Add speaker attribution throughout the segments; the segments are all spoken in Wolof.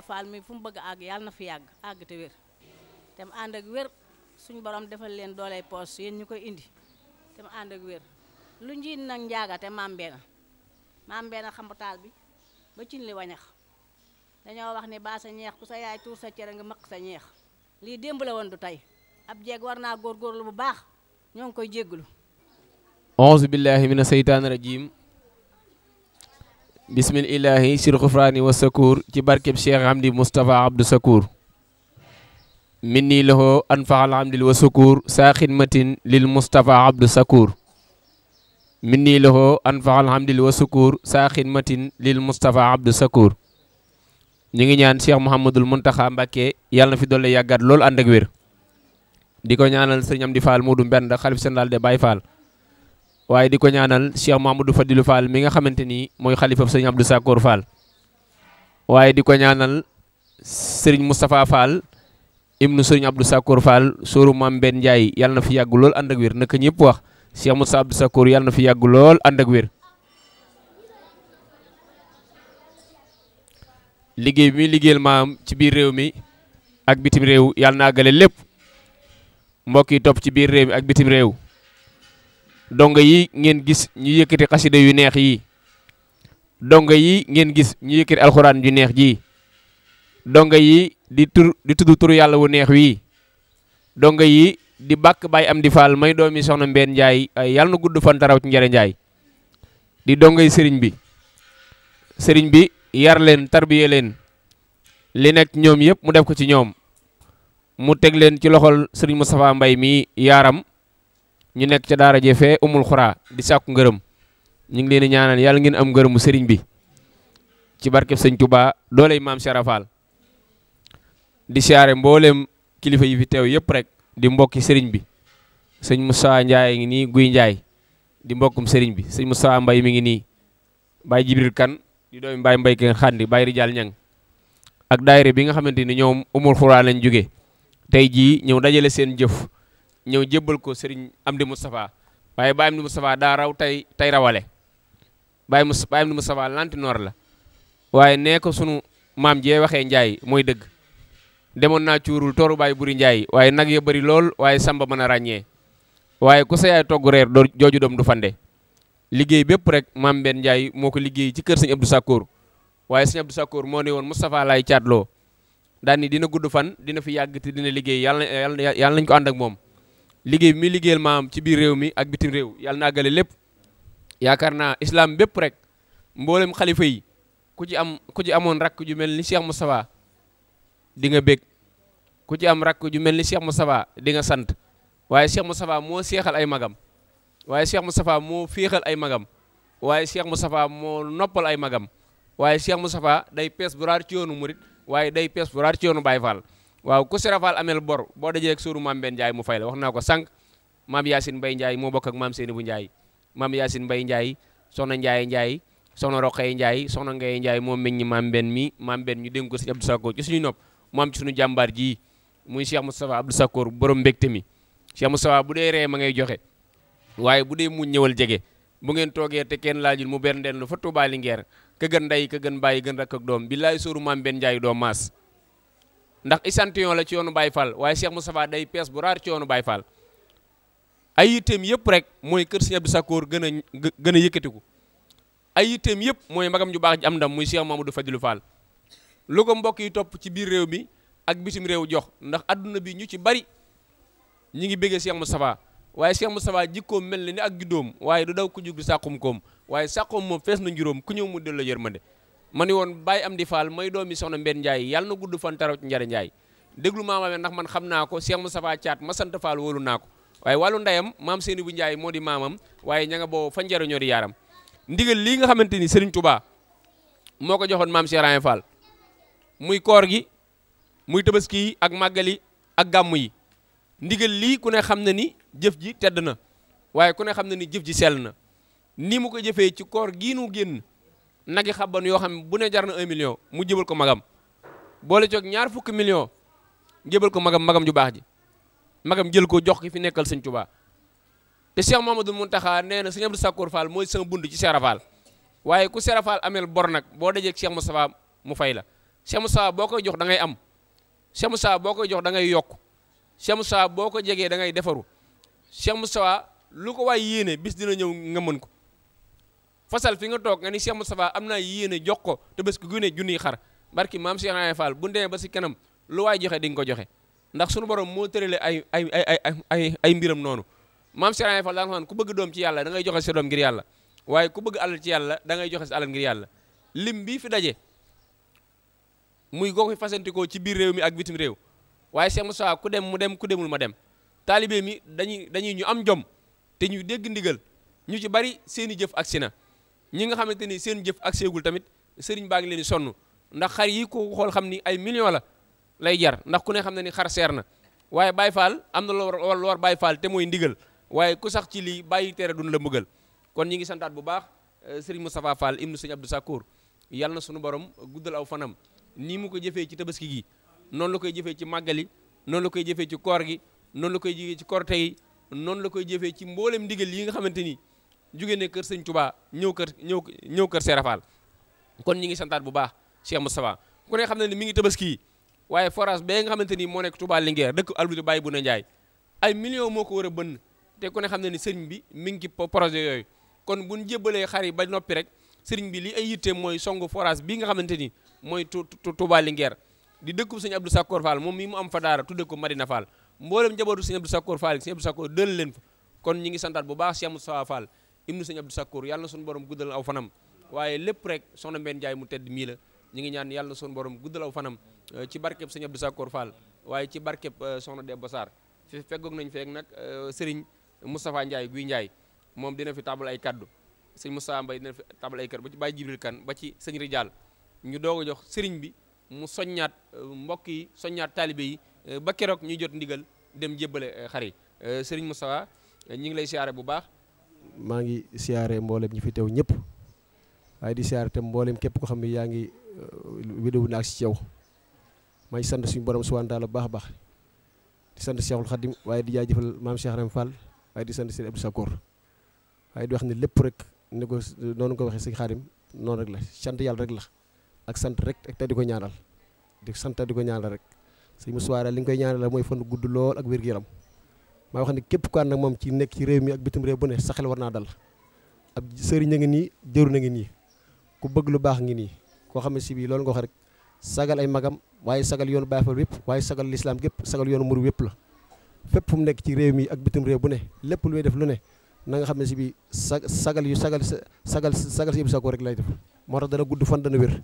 Speaker 1: Moustapha Fall mi fu mu bëgg a àgg yàlla na fi yàgg àgg te wér te mu ànd ak wér suñu borom defal leen dooley poos yéen ñu koy indi te mu ànd ak wér lu njiit nag njaaga te maam benn maam benn xambataal bi ba cin li wañax dañoo wax ni baa sa ñeex ku sa yaay tuur sa cere nga maq sa ñeex lii démb la woon du tey ab jeeg war naa góorgóorlu bu baax ñoo ngi koy jégglu
Speaker 2: auzu billahi mina seytaani bismillaahi sir xufraani wa sakuur ci barkeb am Hamdi Moustapha Abdou Sakour min nii lahoo anfaxal hamdil wa sakuur saa xidmatin lil Moustapha Abdou Sakour min nii lahoo anfaxal hamdil wa sakuur saa xidmatin lil Moustapha Abdou Sakour ñu ngi ñaan Cheikh Mouhamadul Mountakha Mbàkke yàlla fi doole yàggat loolu ànd ak wér di ko ñaanal sëñ Amdi Fall Modou Mbenda xalif général de Baye Fall waaye di ko ñaanal Cheikh du Fadilou Fall mi nga xamante ni mooy xalifa sëriñ Abdou Sakor Fall waaye di ko ñaanal sëriñ Moustapha Fall ibnu sëriñ Abdou Sakor Fall sóoru maam Ben Ndiaye yàlla na fi yàgg lool ànd ak wér naka ñëpp wax Cheikh Moustapha Abdou Sakor yàlla na fi yàgg lool ànd ak wér. liggéey bi muy liggéeyal maam ci biir réew mi ak bitim réew yàlla na àggale lépp mbokk yi topp ci biir réew mi ak bitim réew. donga yi ngeen gis ñu yëkkati xasida yu neex yi donga yi ngeen gis ñu yëkkati alxuraan yu neex jii donga yi di tur di tudd turu yàlla wu neex wii donga yi di bàkk baay am di faal may doomi soxna mbeen Ndiaye yàlla na gudd fan taraw ci njëre Ndiaye di dongay sëriñ bi sëriñ bi yar leen tarbiye leen li nekk ñoom yëpp mu def ko ci ñoom mu teg leen ci loxol sëriñ mu Moustapha mbay mi yaaram ñu nekk ca daara jee fee umul xuraa di sàkku ngërëm ñu ngi leen di ñaanal yàlla ngeen am ngërëmu sëriñ bi ci barkeb sëñ doole dooley maam Cheikh Rafal di siyaare mbooleem kilifa yi fi teew yëpp rek di mbokki sëriñ bi sëñ Moussa Ndiaye ngi nii Guy Ndiaye di mbokkum sëriñ bi sëñ Moussa mbay mi ngi nii Baye Jibril Kan di doomi Baye Mbaye Kan xandi Baye Rijal Ñang ak daayira bi nga xamante ni ñoom umul xuraa lañ jóge tey jii ñëw dajale seen jëf ñëw jébbal ko sëriñ Amdi Moustapha waaye Baye Amdi Moustapha daa raw tey tey rawale Baye Moussa Baye Amdi lantinoor la waaye nee ko sunu maam jee waxee Njaay mooy dëgg demoon naa cuurul tooru Baye Buri Njaay waaye nag ya bari lool waaye samba mën a ràññee waaye ku sa yaay togg reer doo jooju doom du fande liggéey bépp rek maam Ben Njaay moo ko liggéey ci kër sa sëñ Abdou Sakkoor waaye sëñ Abdou Sakkoor moo ne woon Moustapha laay caatloo daal ni dina gudd fan dina fi dina liggéey yàlla yàlla ko ànd ak liggéey bi muy liggéeyal maam ci biir réew mi ak bitim réew yàlla na àggale lépp naa islam bépp rek mboolem xalifa yi ku ci am ku ci amoon rakk ju mel ni Cheikh Moustapha di nga bég ku ci am rakk ju mel ni Cheikh Moustapha di nga sant waaye Cheikh Moustapha moo seexal ay magam waaye Cheikh Moustapha moo féexal ay magam waaye Cheikh Moustapha moo noppal ay magam waaye Cheikh Moustapha day pees bu raar ci yoonu murit waaye day pees bu raar ci yoonu Baye waaw ku serafal ameel bor boo dajee ak sóoru maam benn Ndiaye mu fay la wax naa ko sànq maam Yacine mbay Ndiaye moo bokk ak maam bu Ndiaye maam Yacine mbay Ndiaye soxna Ndiaye Ndiaye soxna Roqaye Ndiaye soxna Ngaye Ndiaye moo meññ maam benn mi maam benn ñu dénk ko sëñ Abdou Sakkoor ci suñu nop mu suñu jàmbaar jii muy Cheikh Moustapha Abdou Sakkoor borom mbekte mi Cheikh Moustapha bu dee ree ma ngay joxe waaye bu dee mu ñëwal jege bu ngeen toogee te kenn laajul mu berndeen lu fa Touba Linguère ka gën ndey gën bàyyi gën rakk doom billaay sóoru maam benn Ndiaye doo maas ndax échantillon la ci yoonu baay Fall waaye Cheikh Moustapha day pees bu raar ci yoonu Baye Fall ay yitteem yëpp rek mooy kër Serigne Abdou Sakkoor gën a gën a yëkkatiku ay yitteem yëpp mooy magam ju baax ji am ndam muy Cheikh Mamadou Fadilou Fall lu ko mbokk yi topp ci biir réew mi ak bitim réew jox ndax adduna bi ñu ci bari ñi ngi béggee Cheikh Moustapha waaye mu Moustapha jikkoom mel na ni ak juddoom waaye du daw ku jug di sàqum koom waaye sàqum moom fees na njuróom ku ñëw mu delloo yërmande ma ni woon Baye Amdi Fall may doomi soxna Mbène Ndiaye yàlla na gudd fan taraw ci njare Ndiaye déglu maamam ndax man xam naa ko Cheikh Moustapha Thiat ma sant Fall wóolu naa ko waaye wàllu ndeyam maam seeni bu njaay moo di maamam waaye ña nga boobu fa njariñoo di yaaram ndigal lii nga xamante ni sëriñ tubaa moo ko joxoon maam Cheikh Rahim muy koor gi muy tabaski yi ak màggali ak gàmm yi ndigal lii ku ne xam na ni jëf ji tedd na waaye ku ne xam na ni jëf ji sell na ni mu ko jëfee ci koor gii nu génn nag nagi xabban yoo xam ne bu ne jar na un million mu jëbal ko magam boole coog ñaar fukki million jëbal ko magam magam ju baax ji magam jël ko jox ki fi nekkal sëñ Tuubaa te Cheikh mun Mountakha nee na sëñ Abdou Sakkour Fall mooy sama bundu ci Serap Fall waaye ku Serap Fall ameel bor nag boo dajee ak Cheikh Moustapha mu fay la Cheikh Moustapha boo koy jox dangay ngay am Cheikh Moustapha boo koy jox da ngay yokk Cheikh Moustapha boo ko jegee dangay defaru Cheikh Moustapha waay yéene bis dina ñëw nga mën ko fasal fi nga toog nga ni Cheikh Moustapha am naa yéene jox ko te bés ku gënee junniy xar barki maam Cheikh Ibra Fall bu demee ba si kanam lu waay joxe dinga ko joxe ndax sunu borom moo tërale ay ay ay ay ay mbiram noonu maam Cheikh Ibra Fall daa nga ku bëgg doom ci yàlla da ngay joxe sa doom ngir yàlla ku bëgg alal ci yàlla da ngay joxe sa alal ngir yàlla lim bii fi daje muy goo ko fasantikoo ci biir réew mi ak bitim réew waaye Cheikh Moustapha ku dem mu dem ku demul ma dem taalibe mi dañuy dañuy ñu am jom te ñu dégg ndigal ñu ci bari seeni jëf ak si ñi nga xamante ni seen jëf ak seegul tamit sëriñ baa ngi leen sonn ndax xar yi ko xool xam ni ay millions la lay jar ndax ku ne xam ne ni xar seer na waaye Baay Faal am na loo war loo war Baay Faal te mooy ndigal waaye ku sax ci lii bàyyi tere duñ la mbëggal kon ñi ngi santaat bu baax euh, sëriñ Moustapha Fall ibnu sëriñ Abdou Sakkour yàlla na sunu borom guddal aw fanam nii mu ko jëfee ci tabaski gi noonu la koy jëfee ci màggali noonu la koy jëfee ci koor gi noonu la koy jëfee ci korte yi la koy jëfee ci mboolem ndigal yi nga xamante ni jóge ne kër sëñ Touba ñëw kër ñëw ñëw kër Serafal kon ñi ngi santaat bu baax Cheikh Moustapha ku ne xam ne mi ngi tabaski waaye forage bee nga xamante ni moo nekk Touba Linguère dëkk Alboury Baye Bouna Ndiaye ay millions moo ko war a bënn te ku ne xam ne ni sëriñ bi mi ngi ci projet yooyu kon buñ jébbalee xar yi ba noppi rek sëriñ bi li ay yitte mooy songu forage bii nga xamante ni mooy Touba Linguère di dëkkub sëñ Abdou Sakkoor Fall moom mii mu am fa daara tudde ko Madina Fall mboolem njabootu sëñ sa Sakkoor Fall sëñ Abdou Sakkoor dël leen fa kon ñi ngi santaat bu baax Cheikh Moustapha Fall ibnu sëñ Abdou Sakkour yàlla na sunu borom guddal aw fanam waaye lépp rek soxna Mbène Ndiaye mu tedd mii la ñu ngi ñaan yàlla sunu borom guddal aw fanam euh, ci barkeb sëñ Abdou Sakkour Fall waaye ci barkeb euh, soxna Debba Sarr fi feggoog nañ feek nag euh, Serigne Moustapha Ndiaye guy Ndiaye moom dina fi tabal ay kaddu sëñ Moustapha mbay dina fi tabal ay kaddu ba ci Baye Jibril kan ba ci sëñ Rijal ñu doog a jox sëriñ bi mu soññaat mbokk yi soññaat taalibe yi ba keroog ñuy jot ndigal dem jébbale xar yi Serigne Moustapha ñu ngi lay siyaare bu baax
Speaker 3: maa ngi siyaare mboolem ñi fi tew ñëpp waaye di siyaare tam mboolem képp ko xam ne yaa ngi uh, vidéo naa ak si yow may sant suñu borom subhaanahu wa baax a baax di sant waaye di jaajëfal maam Cheikh Rem Fall waaye di sant sëñ Abdou Sakor waaye di wax ne lépp rek ni ko noonu ko waxee sëñ Khadim noonu rek la sant yàlla rek la ak sant rek ak te di ko ñaanal di sant di ko ñaanal rek sëñ Moussa li nga koy ñaanal mooy fan gudd lool ak wér-gu-yaram maa wax ne képp ku ànd ak moom ci nekk ci réew mi ak bitim réew bu ne sa xel war naa dal ab sëriñ a ngi nii jëru na ngi nii ku bëgg lu baax ngi nii koo xam ne si bii loolu nga wax rek sagal ay magam waaye sagal yoonu Baay Faal yëpp waaye sagal lislaam yëpp sagal yoonu mur yëpp la fépp fu mu nekk ci réew mi ak bitim réew bu ne lépp lu muy def lu ne na nga xam ne si bii sa sagal yu sagal sagal sagal si yëpp sa ko rek lay def moo tax dana gudd fan dana wér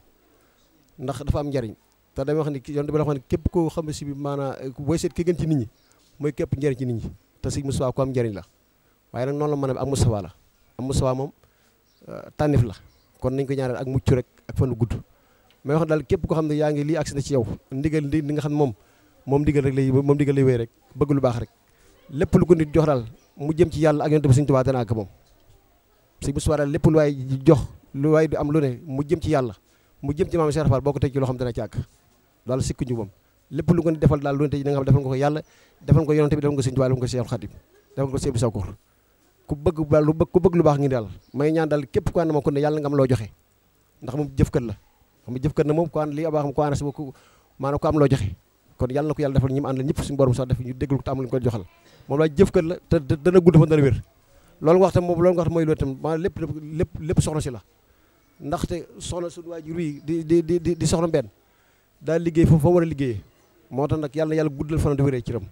Speaker 3: ndax dafa am njariñ te dama wax ni yoon bi la wax ne képp koo xam ne si bi maanaam booy seet ki gën ci nit ñi mooy képp njëriñ ci nit ñi te sëñ Moustapha ko am njëriñ la waaye nag noonu la mën a am Moustapha la am Moustapha moom euh, tànnif la kon nañ ko ñaanal ak mucc rek ak fanu gudd may wax daal képp koo xam ne yaa ngi lii agsi na ci yow ndigal li nga xam ne moom moom ndigal rek lay moom ndigal lay wéy rek bëgg lu baax rek lépp lu ko nit jox daal mu jëm ci yàlla ak yonent bi sëñ Tuubaa dana ak moom sëñ Moustapha daal lépp lu waaye jox lu waaye du am lu ne mu jëm ci yàlla mu jëm ci maam Cheikh Fall boo ko teg ci loo xam dana ci àgg daal sikkuñu moom lépp lu ngeen nga xam defal nga ko yàlla defal nga ko yonent bi ba lu bëgg ku lu baax ngi daal may ñaan daal képp ku ànd ma ko ne yàlla nga am loo joxe la xam nga jëfkat moom ku ànd lii abaa si am loo joxe kon yàlla na ko yàlla defal ñu mu ànd la ñëpp suñu borom sax def ñu déglu te am lu ñu ko joxal moom loolu wax tam moom loolu nga wax mooy loolu tam maanaam lépp lépp lépp soxna si la ndaxte soxna suñu waajur yi di di di di soxna benn daa liggéey foofu foo war a liggéeyee moo tax nag yàlla yàlla guddal fanam dafa rëy ci ram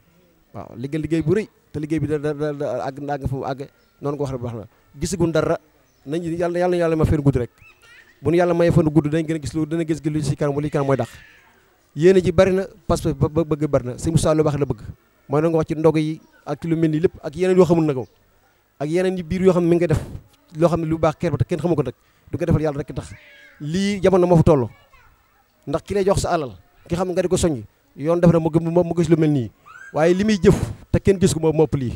Speaker 3: waaw liggéey liggéey bu rëy te liggéey bi da da da àgg na àgg nga fa mu àgge noonu nga wax rek wax na gisaguñ dara nañ yàlla yàlla yàlla ma fan gudd rek bu nu yàlla maye fan gudd dañ gën a gis lu dana gis lu ci kanam li kanam mooy dax yéene ji bari na parce que ba bëgg bari na si Moussa lu baax la bëgg mooy noonu nga wax ci ndog yi ak lu mel ni lépp ak yeneen yoo xamul nag moom ak yeneen yi biir yoo xam ne mi ngi def loo xam ne lu baax keer ba te kenn xamu ko nag du ko defal yàlla rek tax lii jamono moo fa toll ndax ki lay jox sa alal ki xam nga di ko soññ yoon def na mu gis lu mel nii waaye li muy jëf te kenn gis ko moo ëpp lii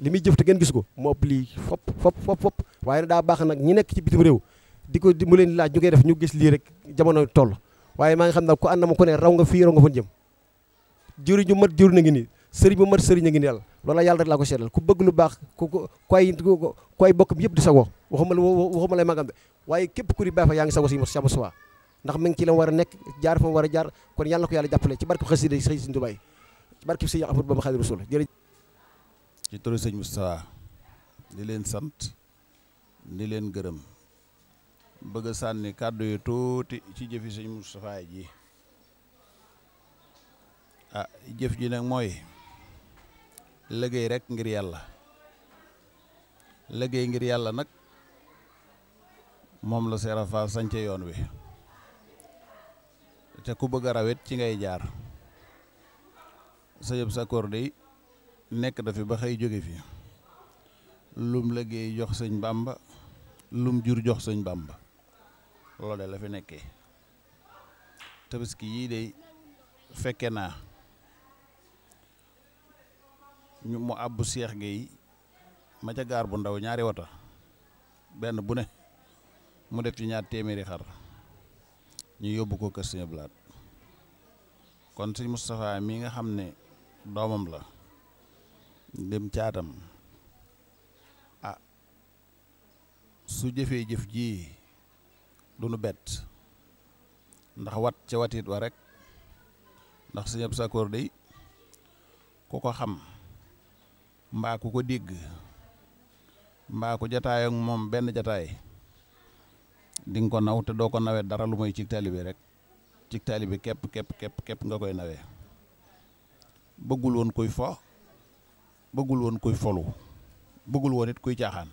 Speaker 3: li muy jëf te kenn gis ko moo lii fop fop fop fop waaye daa baax nag ñi nekk ci bitim réew di ko di mu leen laa ñu def ñu gis lii rek jamono toll waaye maa ngi xam ne ko ànd na ma ko ne raw nga fii raw nga fa jëm jëriñ ñu mat jëriñ a ngi nii sëriñ bu mat sëriñ a ngi nii yàlla loola yàlla rek laa ko seetal ku bëgg lu baax ko ku ay ku ay bokkam yëpp di sagoo waxuma la waxuma lay magam de waaye képp ku di baax fa yaa ngi sagoo si Sëriñ Moustapha ndax mi ngi ci la war a nekk jaar fa war a jaar kon yàlla na ko yàlla jàppale ci barke xasida yi sëñ Tuubaa ci barke sëñ Ahmadu Bamba Xaadimu
Speaker 4: Rasuul jërëjëf ci turu sëñ Moustapha di leen sant di leen gërëm bëgg sànni kàddu yu tuuti ci jëfi sëñ Moustapha ji ah jëf ji nag mooy liggéey rek ngir yàlla liggéey ngir yàlla nag moom la Serapha sance yoon wi te ku bëgg a rawet ci ngay jaar sa yëb sa koor day nekk dafa ba xëy jóge fi lum liggéey jox sëñ bàmba lum jur jox sëñ bàmba loolu de la fi nekkee tabaski yii day fekke naa ñu mu àbbu seex géey ma gaar bu ndaw ñaari wata benn bu ne mu def ci ñaar téeméeri xar ñu yóbbu ko kër Sëñ Blaat kon Sëñ Moustapha mi nga xam ne doomam la dem caatam ah su jëfee jëf jii du nu bett ndax wat ca watit wa rek ndax Sëñ Abdou dey ku ko xam mbaa ku ko digg mbaa ku jataay moom benn jataay di ko naw te doo ko nawee dara lu mooy cig taalibe rek cig taalibe képp képp képp képp nga koy nawee bëggul woon kuy fo bëggul woon kuy folu bëggul woon it kuy caaxaan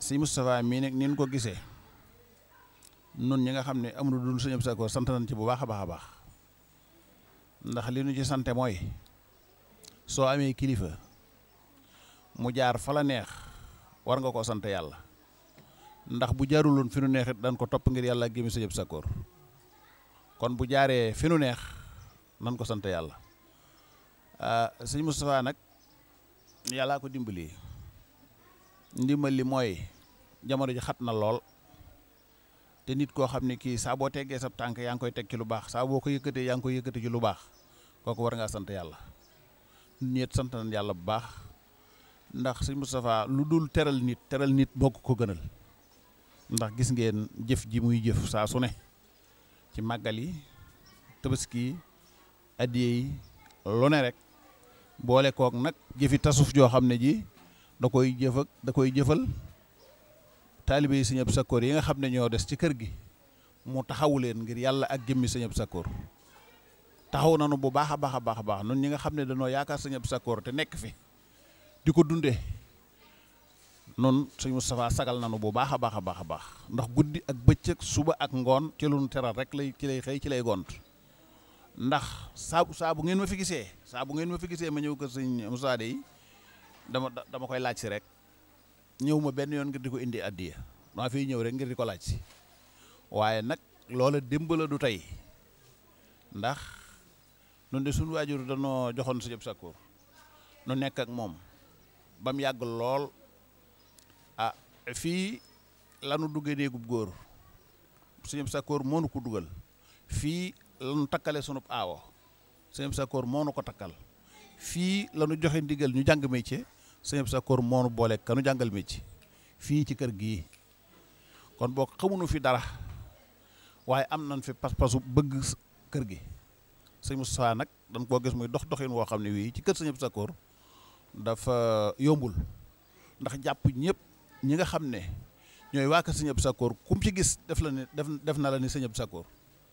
Speaker 4: si Moustapha mii nag ni ko gisee noon ñi nga xam ne amul dul sëñ Abdou Sakor sant nañ ci bu baax a baax a baax ndax li ñu ci sante mooy soo amee kilifa mu jaar fa la neex war nga koo sant yàlla ndax bu jaaruloon fi nu neex it dañ ko topp ngir yàlla ak gémmi sa Abdou Sakkoor kon bu jaaree fi nu neex nan ko sant yàlla ah, sëñ Moustapha nag yàllaa ko dimbali ndimbal li mooy jamono ji xat na lool te nit koo xam ne kii saa boo teggee sab tànk yaa ngi koy teg ci lu baax saa boo ko yëkkatee yaa ngi koy yëkkati ci lu baax kooku war ngaa sant yàlla ñeet sant nañ yàlla bu baax ndax sëñ Moustapha lu dul teral nit teral nit bokk ko gënal ndax gis ngeen jëf ji muy jëf saa su ci màggal yi tabaski yi addiye yi lu ne rek boole kook nag jëfi tasuf joo xam ne ji da koy jëf da koy jëfal taalibe yi Sëñ Abdu Sakkoor yi nga xam ne ñoo des ci kër gi mu taxawu leen ngir yàlla ak jëmmi Sëñ Abdu Sakkoor taxaw nanu bu baax a baax a baax baax nun ñi nga xam ne dañoo yaakaar Sëñ Abdu Sakkoor te nekk fi di ko dundee noonu sëñ Moustapha sagal nanu bu baax a baax a baax a baax ndax guddi ak bëccëg suba ak ngoon ci lu nu teral rek lay ci lay xëy ci lay gont ndax saabu saa bu ngeen ma figisee gisee saa bu ngeen ma figisee ma ñëw kër sëñ Moustapha de yi dama dama koy laaj si rek ñëw ma benn yoon ngir di ko indi addiya maa fiy ñëw rek ngir di ko laaj si waaye nag loola démbala du tey ndax nun de suñ waajur danoo joxoon sa jëb sakkoor nu nekk ak moom ba mu yàgg lool fii lanu duggee néegub góor sëñ Sakkoor moo nu ko dugal fii lanu takkale sunub aawo sëñ Sakkoor moo nu ko takkal fii lanu joxe ndigal ñu jàng métier sëñ Sakkoor moo nu boole kanu jàngal métier fii ci kër gi kon boo xamunu fi dara waaye am nañ fi pas-pasu bëgg kër gi sëñ Moustapha nag dañ koo gis muy dox doxin woo xam ne wii ci kër sëñ Sakkoor dafa yombul ndax jàpp ñépp ñi nga xam ne ñooy waa kër Sëñ Abdou Sakkoor kum ci gis def la def def na la ni Sëñ Abdou Sakkoor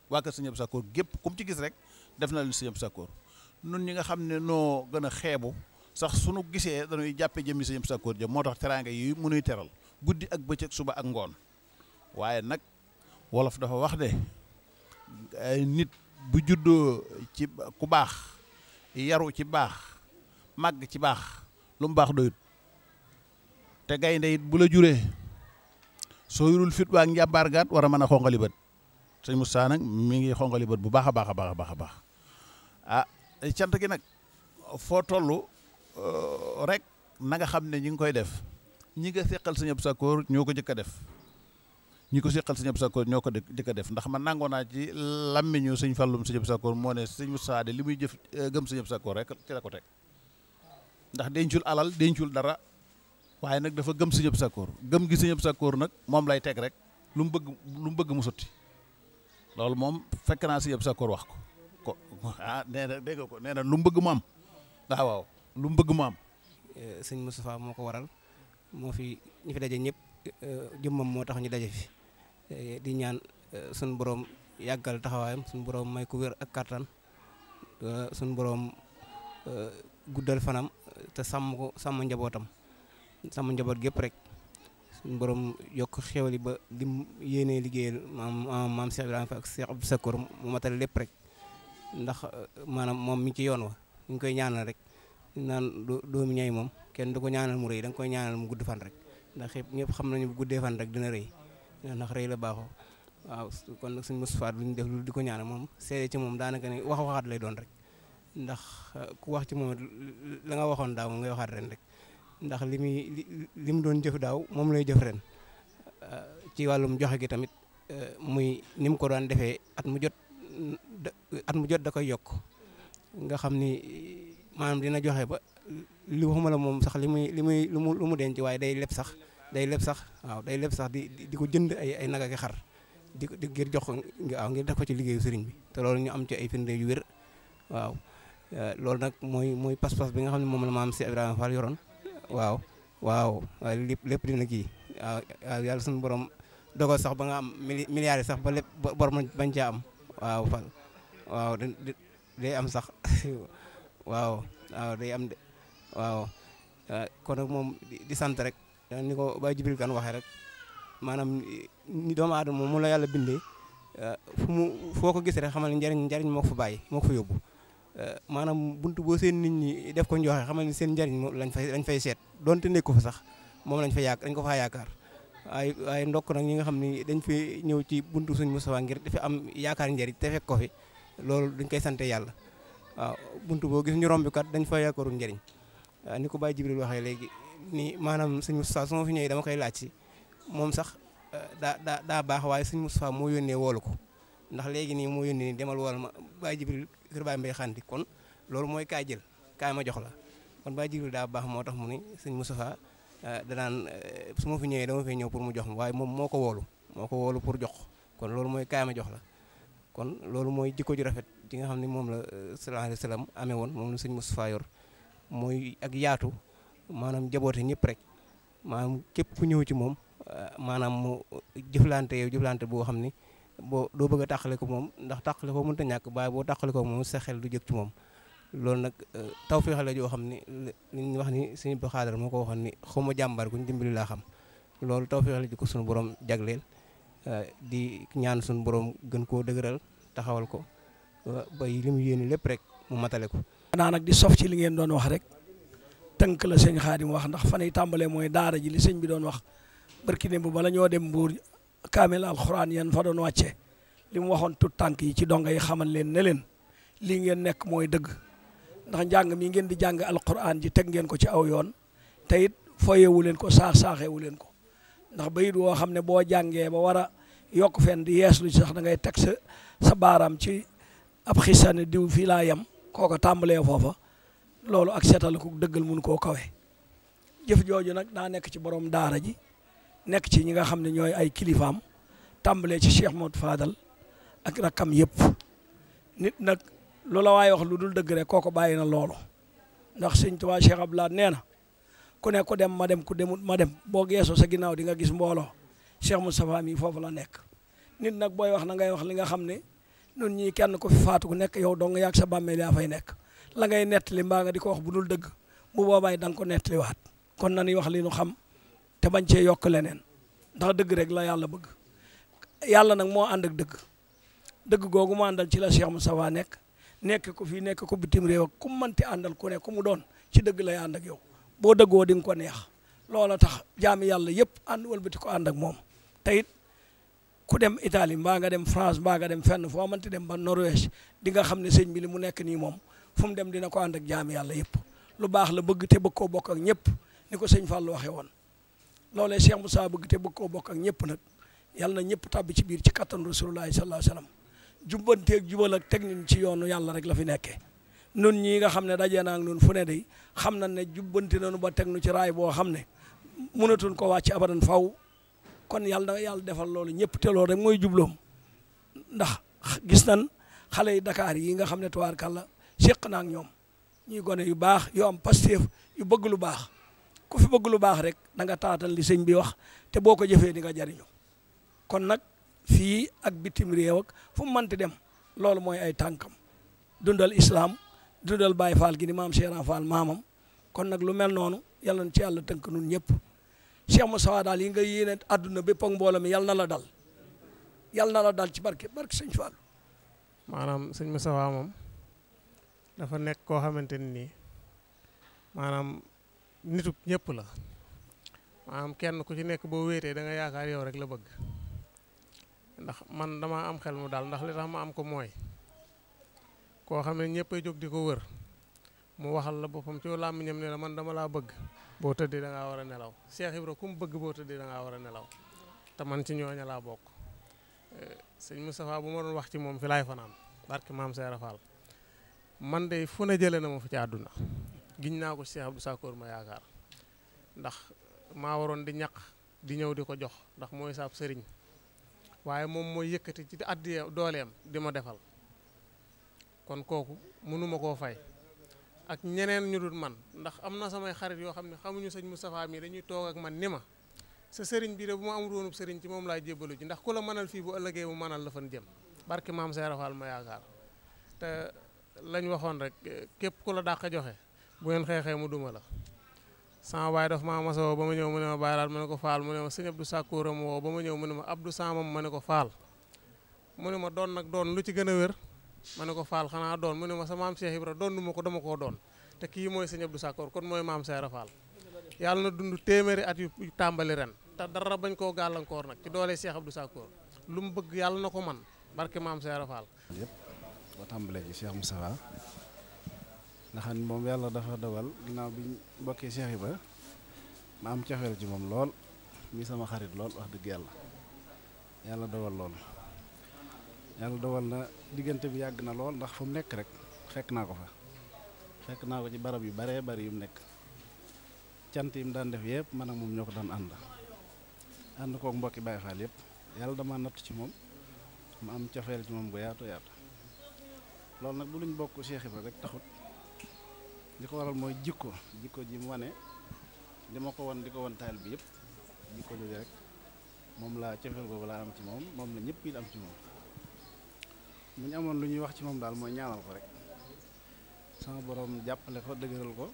Speaker 4: waa kër Sakkoor gépp kum ci gis rek def na la ni Sëñ Abdou Sakkoor nun ñi nga xam ne noo gën a xeebu sax suñu gisee dañuy jàppe jëmmi Sëñ Abdou Sakkoor jëm moo tax teraanga yi mu nuy teral guddi ak bëccëg suba ak ngoon waaye nag wolof dafa wax ne nit bu juddoo ci ku baax yaru ci baax màgg ci baax lu mu baax doyut te gaynde it bu la juree soo yurul fit waa njàmbaar gaat war a mën a xongali bët sëñ Moussa nag mi ngi xongali bët bu baax a baax a baax a ah cant gi nag foo toll euh, rek na nga xam ne ñi ngi koy def ñi nga seqal sëñ Abdou Sakkoor ñoo ko jëkka def ñi ko seqal sëñ sakoor ñoo ko jëkk a def ndax ma nangoo naa ci lammiñu sëñ Fallum sëñ Abdou Sakkoor moo ne sëñ Moussa de li muy jëf euh, gëm sëñ Abdou Sakkoor rek ci la ko teg ndax dencul alal dencul dara waaye nag dafa gëm sëñ Abdou Sakkoor gëm gi sëñ Abdou Sakkoor nag moom lay teg rek lu mu bëgg lu mu bëgg mu loolu moom fekk naa sëñ Abdou Sakkoor wax ko ko ah ko nee na lu mu maam mu waaw ah, waaw lu mu bëgg mu am. Eh, sëñ Moustapha moo ko waral moo fi ñu fi daje ñëpp eh,
Speaker 5: jëmmam moo tax ñu daje fi eh, di ñaan suñu borom yàggal taxawaayam suñ borom may ko wér ak kattan suñu borom guddal fanam te sàmm ko sàmm njabootam. sama njaboot gépp rek suñu borom yokk xéwal yi ba lim yéenee liggéeyal maam maam Cheikh Ibrahima Fall ak Cheikh Abdou Sakor mu matal lépp rek ndax euh, maanaam moom mi ci yoon wa ñu koy ñaanal rek naan doomi ñay moom kenn du ko ñaanal mu rëy da nga koy ñaanal mu gudd fan rek ndax ñëpp xam nañu guddee fan rek dina rëy ndax rëy la baaxoo waaw kon nag suñ Moustapha lu ñu def lu di ko ñaanal moom seede ci moom daanaka ne wax waxaat lay doon rek ndax euh, ku wax ci moom la nga waxoon daaw moom ngay waxaat ren rek ndax li muy li mu doon jëf daaw moom lay jëf ren euh, ci wàllum joxe gi tamit euh, muy ni ko doon defee at mu jot at mu jot da koy yokk nga xam ni maanaam dina joxe ba li waxuma la moom sax li muy li muy lu mu lu mu denc waaye day leb sax day leb sax waaw day leb sax di di ko jënd ay ay nag ak xar di ko di ngir jox ko waaw ngir def ko ci liggéeyu sëriñ bi te loolu ñu am ci ay firnde yu wér waaw euh, loolu nag mooy mooy pas-pas bi nga xam ne moom la maam si Ibrahima Fall yoroon. waaw waaw waaw lépp lépp dina kii waaw yàlla suñu borom dogal sax ba nga am milliards sax ba lépp bor bañ caa am waaw fal waaw day am sax waaw waaw day am de waaw eh, kon nag moom di sant rek eh, ni ko Baye Jibril Kane waxee rek maanaam ni doomu moom mu la yàlla bindee eh, fu mu foo ko gis rek xamal ne njariñ njariñ moo ko fa bàyyi moo ko fa Euh, maanaam bunt boo seen nit ñi def ko njooxe xamal ni seen njariñ lañ fay lañ fay seet donte nekku fa sax moom lañ fa yaak dañ ko faa yaakaar waaye waaye ndokk nag ñi nga xam ni dañ fi ñëw ci buntu suñ Moustapha ngir dafa am yaakaar njariñ te fekk ko fi loolu duñ koy sante yàlla waaw buntu boo gis ñu kat dañ fa yaakaaru njariñ ni ko Baye Jibril waxee léegi ni maanaam suñ Moustapha su ma fi ñëwee dama koy laaj si moom sax euh, daa daa daa baax waaye suñ Moustapha moo yónnee woolu ko ndax léegi nii mu yónni demal wal ma Baye Jibril kër Baye Mbaye Xanti kon loolu mooy kaay jël kaay ma jox la kon Baye Jibril daa baax moo tax mu ni sëñ Moustapha euh, danaan euh, su ma fi ñëwee dama fee ñëw pour mu jox waaye moom moo ko woolu moo ko woolu pour jox kon mooy kaay jox la kon loolu mooy jikko ju rafet ji nga xam ne moom la euh, sallallahu alayhi wa sallam amee woon moom la sëñ Moustapha yor mooy ak yaatu maanaam jaboote ñëpp rek maanaam képp ku ñëw ci moom maanaam mu jëflante yow jëflante boo xam ni boo doo bëgg a tàqale ko moom ndax tàqale ko mënta ñàkk waaye boo tàqale ko moom sa xel du jëg ci moom loolu nag euh, tawfeex la joo xam ni li ñu wax ni suñu bi xaadar moo ko waxoon ni xawma jàmbaar guñ dimbali laa xam loolu tawfeex la ji ko suñu borom jagleel euh, di ñaan suñu boroom gën koo dëgëral taxawal ko
Speaker 6: ba li mu yéene lépp rek mu matale ko. xanaa nag di sof ci li ngeen doon wax rek tënk la sëñ Xaadim wax ndax fan yi tàmbalee mooy daara ji li sëñ bi doon wax barki démb bala ñoo dem mbuur kaamil alxuraan yan fa doon wàcce li mu waxoon tut tànk yi ci donga yi xamal leen ne leen lii ngeen nekk mooy dëgg ndax njàng mi ngeen di jàng alxuraan ji teg ngeen ko ci aw yoon te it foyewu leen ko saax saaxewu leen ko ndax bayit woo xam ne boo jàngee ba war a yokk fen di yeeslu lu sax da ngay teg sa sa baaraam ci ab xisane diw fii laa yem kooko tàmbalee foofa loolu ak seetal ko dëggal mun koo kawe jëf jooju nag daa nekk ci borom daara ji nekk ci ñi nga xam ne ñooy ay kilifaam tàmbalee ci Cheikh Modou Fadal ak rakkam yëpp nit nag lu la waay wax lu dul dëgg rek kooko bàyyi na loolu ndax sëñ Tuubaa Cheikh Abdoulaye nee na ku ne ku dem ma dem ku demut ma dem boo geesoo sa ginnaaw di nga gis mbooloo Cheikh Moustapha mi foofu la nekk nit nag booy wax na ngay wax li nga xam ne nun ñii kenn ku fi faatu ku nekk yow dong yaag sa bàmmeel yaa fay nekk la ngay nettali mbaa nga di ko wax bu dul dëgg bu boobaay da nga ko nettaliwaat kon nañuy wax li ñu xam te bañ cee yokk leneen ndax dëgg rek la yàlla bëgg yàlla nag moo ànd ak dëgg dëgg googu mu àndal ci la mu Moustapha nekk nekk ko fi nekk ko bitim réew ak ku mu mënti àndal ku ne ku mu doon ci dëgg lay ànd ak yow boo dëggoo di ko neex loola tax jaami yàlla yëpp ànd wëlbati ko ànd moom te it ku dem Italie mbaa nga dem France mbaa nga dem fenn foo te dem ba Norvège di nga xam ne sëñ bi li mu nekk nii moom fu dem dina ko ànd ak jaami yàlla yëpp lu baax la bëgg te bëgg koo bokk ak ñëpp ni ko sëñ Fall waxee woon loolee Cheikh Moussa bëgg te bëgg koo bokk ak ñëpp nag yal na ñëpp tàbbi ci biir ci kattan rasulullahi sallallahu alayhi wa sallam jubbanteeg jubal ak teg ñun ci yoonu yàlla rek la fi nekke nun ñii nga xam ne daje naa ak nun fu ne xam na ne jubbanti nañu ba teg nu ci raay boo xam ne mënatuñ ko wàcc abadan faw kon yàlla na yàlla defal loolu ñëpp te loolu rek mooy jubloom ndax gis nan xale yi Dakar yi nga xam ne tuwaarkàlla séq naa ak ñoom ñuy gone yu baax yu am pasteef yu bëgg lu baax ku fi bëgg lu baax rek na nga taatal li sëñ bi wax te boo ko jëfee di nga jariñu kon nag fii ak bitim réew ak fu mu dem loolu mooy ay tànkam dundal islaam dundal Baay Faal gi di maam Cheikh Faal maamam kon nag lu mel noonu yàlla na ci yàlla tënk nun ñëpp Cheikh Moussa daal yi nga yéene àdduna bépp ak mbooloo mi yàlla na la dal yàlla na la dal ci barke barke sëñ Fall.
Speaker 7: maanaam sëñ Moussa moom dafa nekk koo xamante ni maanaam. nituk ñépp la am kenn ku ci nekk boo wéetee da nga yaakaar yow rek la bëgg ndax man dama am xel mu daal ndax li tax mu am ko mooy koo xam ne ñëpp ay jóg di ko wër mu waxal la boppam ci làmmiñam ne la man dama laa bëgg boo tëddee da ngaa war a nelaw Cheikh Ibra ku mu bëgg boo tëddee da war a nelaw te man ci ñooña laa bokk eh, sëñ Moustapha bu ma doon wax ci moom fi laay fanaan barke maam Seera Fall man de fu ne jëlee na ma fi ci àdduna giñ naa ko Cheikh Abdou Sakkoor ma yaakaar ndax maa waroon di ñaq di ñëw di ko jox ndax mooy saab sëriñ waaye moom mooy yëkkati ci addi dooleem di ma defal kon kooku mënuma koo fay ak ñeneen ñu dul man ndax am na samay xarit yoo xam ne xamuñu sëñ Moustapha mi dañuy toog ak man ni ma sa sëriñ bi de bu ma amul woonub sëriñ ci moom laay jébbalu ji ndax ku la mënal fii bu ëllëgee mu mënal la fan jëm barke maam Seera Faal ma yaakaar te lañ waxoon rek képp ku bu ngeen xeexee mu duma la sama baay daf maa masa woo ba ma ñëw mu ne ma baylaat ma ne ko faal mu ne ma sëñ Abdou Sakkour ma woo ba ma ñëw mu ne ma Abdou Samam ma ne ko faal mu ne ma doon nag doon lu ci gën a wér ma ne ko faal xanaa doon mu ne ma sa maam Cheikh Ibra doon duma ko dama koo doon te kii mooy sëñ Abdou Sakkour kon mooy maam sa Faal yàlla na dund téeméeri at yu tàmbali ren te dara bañ koo gàllankoor nag ci doole Cheikh Abdou Sakkour lu mu bëgg yàlla na ko man barke maam Seera Faal
Speaker 8: yëpp ba tàmbalee nga xam ne moom yàlla dafa dogal ginnaaw bi ñu bokkee Cheikh Ibra ma am cofeel ci moom lool mi sama xarit lool wax dëgg yàlla yàlla dogal lool yàlla dogal na diggante bi yàgg na lool ndax fu mu nekk rek fekk naa ko fa fekk naa ko ci barab yu baree bari yu mu nekk cant yi mu daan def yëpp man ak moom ñoo ko daan ànd ànd kook mbokki Baye Fall yëpp yàlla dama natt ci moom ma am cofeel ci moom bu yaatu yaatu loolu nag du luñ bokk Cheikh Ibra rek taxut li ko waral mooy jikko jikko ji mu wane li ma ko won di ko wan taal bi yëpp jikko jooju rek moom laa cofeel boobu laa am ci moom moom la ñëpp it am ci moom lu ñuy wax ci moom daal mooy ñaanal ko rek sama borom jàppale ko dëgëral ko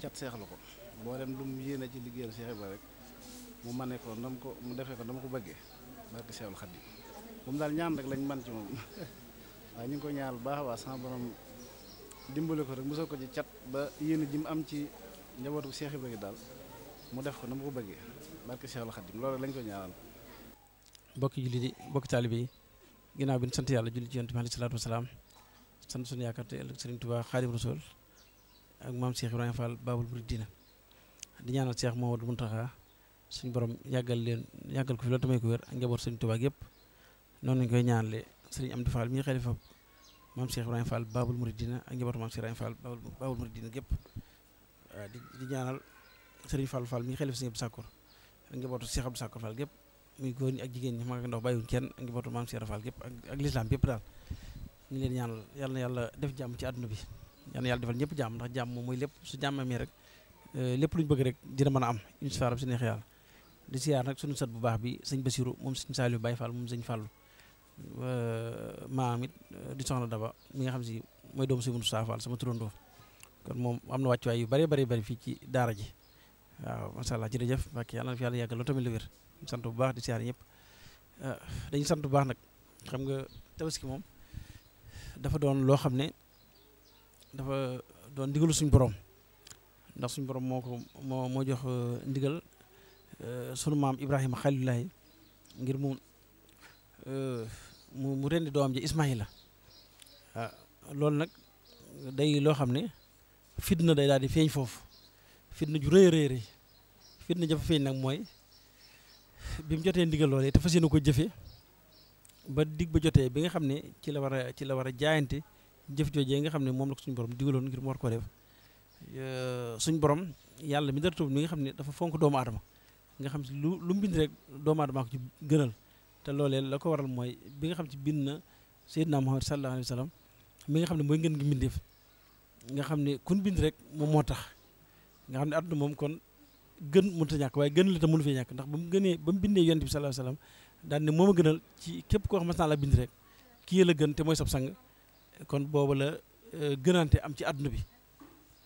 Speaker 8: cat seexlu ko boo dem lu mu yéene ci liggéeyal Seex Ibra rek mu mane ko ndam ko mu defee ko dama ko bëggee barke Seexul Xadiim moom daal ñaan rek lañ man ci moom waaye ñu ko ñaanal baax a sama borom dimbale ko rek soo ko ci cat ba yéen ji mu am ci njabootu Cheikh Ibrahima daal mu def ko na mu ko bëggee barke Cheikhul Khadim loolu lañ ko ñaanal.
Speaker 9: mbokki jullit yi mbokki taalibe yi ginnaaw bi sant yàlla julli ci yonent bi alayhi salaatu wasalaam sant suñu yaakaar te ëllëg Serigne Touba Khadim Rasoul ak maam Cheikh Ibrahima Fall Babul Mouridina di ñaanal Cheikh Mouhamadou Mountakha suñu borom yàggal leen yàggal ko fi loolu tamay ko wér ak njaboot Serigne Touba yëpp noonu lañ koy ñaanalee Serigne Amdi Fall mi xalifa maam Cheikh Ibrahima Fall Babul Mouridina ak njabootu maam Cheikh Ibrahima Fall Babul Mouridina gépp waaw di di ñaanal Serigne Fall Fall mi ngi xelif Serigne Abdou Sakkour ak njabootu Cheikh Abdou Sakkour Fall gépp muy góor ñi ak jigéen ñi mag ak bi yal na yàlla defal ñëpp jàmm ndax jàmm moom mooy lépp su jàmm amee rek euh, lépp lu ñu bëgg rek dina mën a am insha Allah su neex nag suñu sët bu baax bi sëñ Basiru moom sëñ Saliou Baye Fall moom sëñ Fallou Euh, maam it euh, di soxna Daba mi nga xam si mooy doomu si Moussa Fall sama turandoo kon moom am na wàccuwaay yu bare bari bari fii ci daara ji waaw macha allah jërëjëf Mbacke yàlla na fi yàlla tamit lu wér sant bu baax di siyaar ñëpp euh, dañu sant bu baax nag xam nga tabaski moom dafa doon loo xam ne dafa doon ndigalu suñu borom ndax suñ boroom moo ko moo jox ndigal sunu maam Ibrahima Xalilullahi ngir mu. mu mu rendi doom ji Ismaïla la ah. loolu nag day loo xam ne fitna day daal di feeñ foofu fitna ju rëy rëy rëy fitna jafa feeñ nag mooy bi mu jotee ndigal loolee te fas yéene ko jëfee ba dig ba jotee bi nga xam ne ci la war a ci la war a jaayante jëf joojee nga xam ne moom la ko suñu borom digaloon ngir mu war koo def suñu borom yàlla mi dara tuub mi nga xam ne dafa fonk doomu aadama nga xam si lu lu mu bind rek doomu aadama ko ci gënal te loolee la ko waral mooy bi nga xam ci bind na Seydina Muhammad sallallahu alayhi wa sallam mi nga xam ne mooy ngeen gi mbindeef nga xam ne kun bind rek moom moo tax nga xam ne àdduna moom kon gën mënut a ñàkk waaye gën la te mënu fee ñàkk ndax ba mu gënee ba mu bindee yonent bi sallallahu alayhi wa sallam daan ne moom a gënal ci képp koo xam mas naa la bind rek kii la gën te mooy sab sang kon boobu la euh, gënante am ci àdduna bi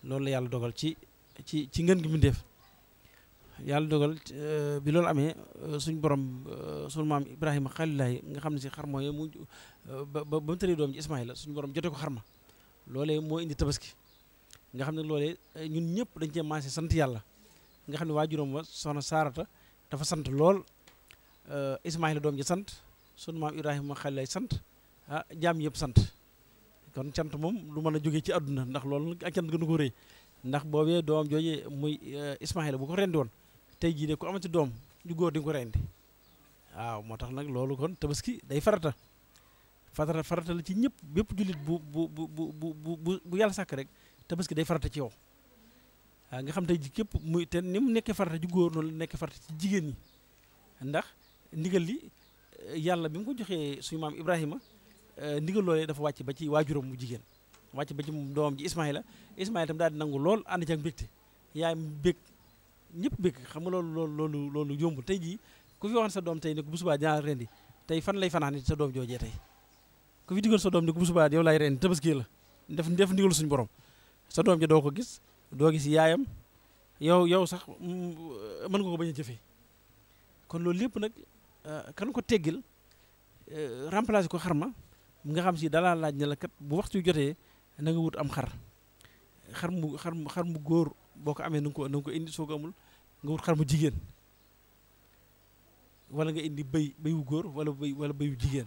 Speaker 9: loolu la yàlla dogal ci ci ci ngeen gi mbindeef yàlla dogal euh, bi loolu amee euh, suñ borom euh, suñ maam Ibrahima xalilaay nga xam ne si xar mooy mu ba ba mu tëree doom ji Ismaïla suñ borom jote ko xarma loolee moo indi tabaski nga xam ne loolee ñun ñëpp dañ cee maase sant yàlla nga xam ne waajuram wa soxna Saarata dafa sant lool Ismaïla doom ji sant suñ maam Ibrahima xalilaay sant ah jaam yëpp sant kon sant moom lu mën a jóge ci àdduna ndax loolu ak cant gënu ko rëy ndax boobee doom jooje muy Ismaïla bu ko rendi woon tey jii de ku amati doom ju góor di nga ko rendi waaw moo tax nag loolu kon tabaski day farata farata farata la ci ñëpp bépp jullit bu bu bu bu bu bu yàlla sàkk rek tabaski day farata ci yow nga xam tey ji képp muy ten ni mu nekkee farata ju góor noonu la nekkee farata ci jigéen ñi ndax ndigal li eh, yàlla bi mu ko joxee suñu maam Ibrahima eh, ndigal loolee dafa wàcc ba ci waajuram mu jigéen wàcc ba ci moom doomam ji Ismaïla Ismaïla tam daal di nangu lool ànd ci ñépp bëgg xam nga loolu loolu loolu loolu yombul tey jii ku fi waxoon sa doom tey ne ko bu subaa dinaa rendi tey fan lay fanaan sa doom joojee tey ku fi digal sa doom ne ko bu subaa yow laay rendi tabaski la def def ndigal suñu borom sa doom ja doo ko gis doo gis yaayam yow yow sax mën nga ko bañ a jëfee kon loolu lépp nag euh, kan ko teggil euh, remplacer ko xar ma nga xam si dalaa laaj na la kat bu waxtu jotee na nga wut am xar xar mu xar mu xar mu góor boo ko amee na nga ko ko indi soo ko amul nga wut xar mu jigéen wala nga indi béy béyu góor wala béy wala béyu jigéen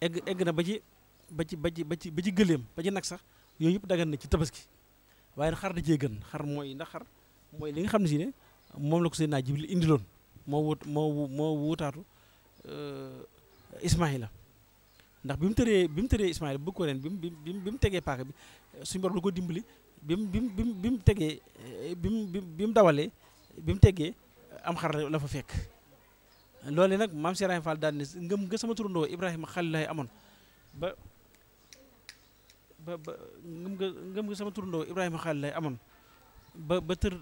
Speaker 9: egg egg na ba ci ba ci ba ci ba ci ba ci gëléem ba ci nag sax yooyu yëpp daggan na ci tabaski waaye xar da cee gën xar mooy ndax xar mooy li nga xam ne si ne moom la ko seen naa Jibril indi loon moo wut moo moo wutaatu euh, Ismaayila ndax bi mu tëree bi mu tëree Ismaayila bëgg ko bi mu bi mu tegee paaka bi suñu borom la ko dimbali bi mu bi mu bi mu tegee bi mu bi mu dawalee bi mu tegee eh, am xar la fa fekk loole nag maam Serigne Fall daal ne ngëm nga sama turandoo Ibrahima Xalilaay amoon ba ba ba ngëm nga ngëm nga sama turandoo Ibrahima Xalilaay amoon ba ba tër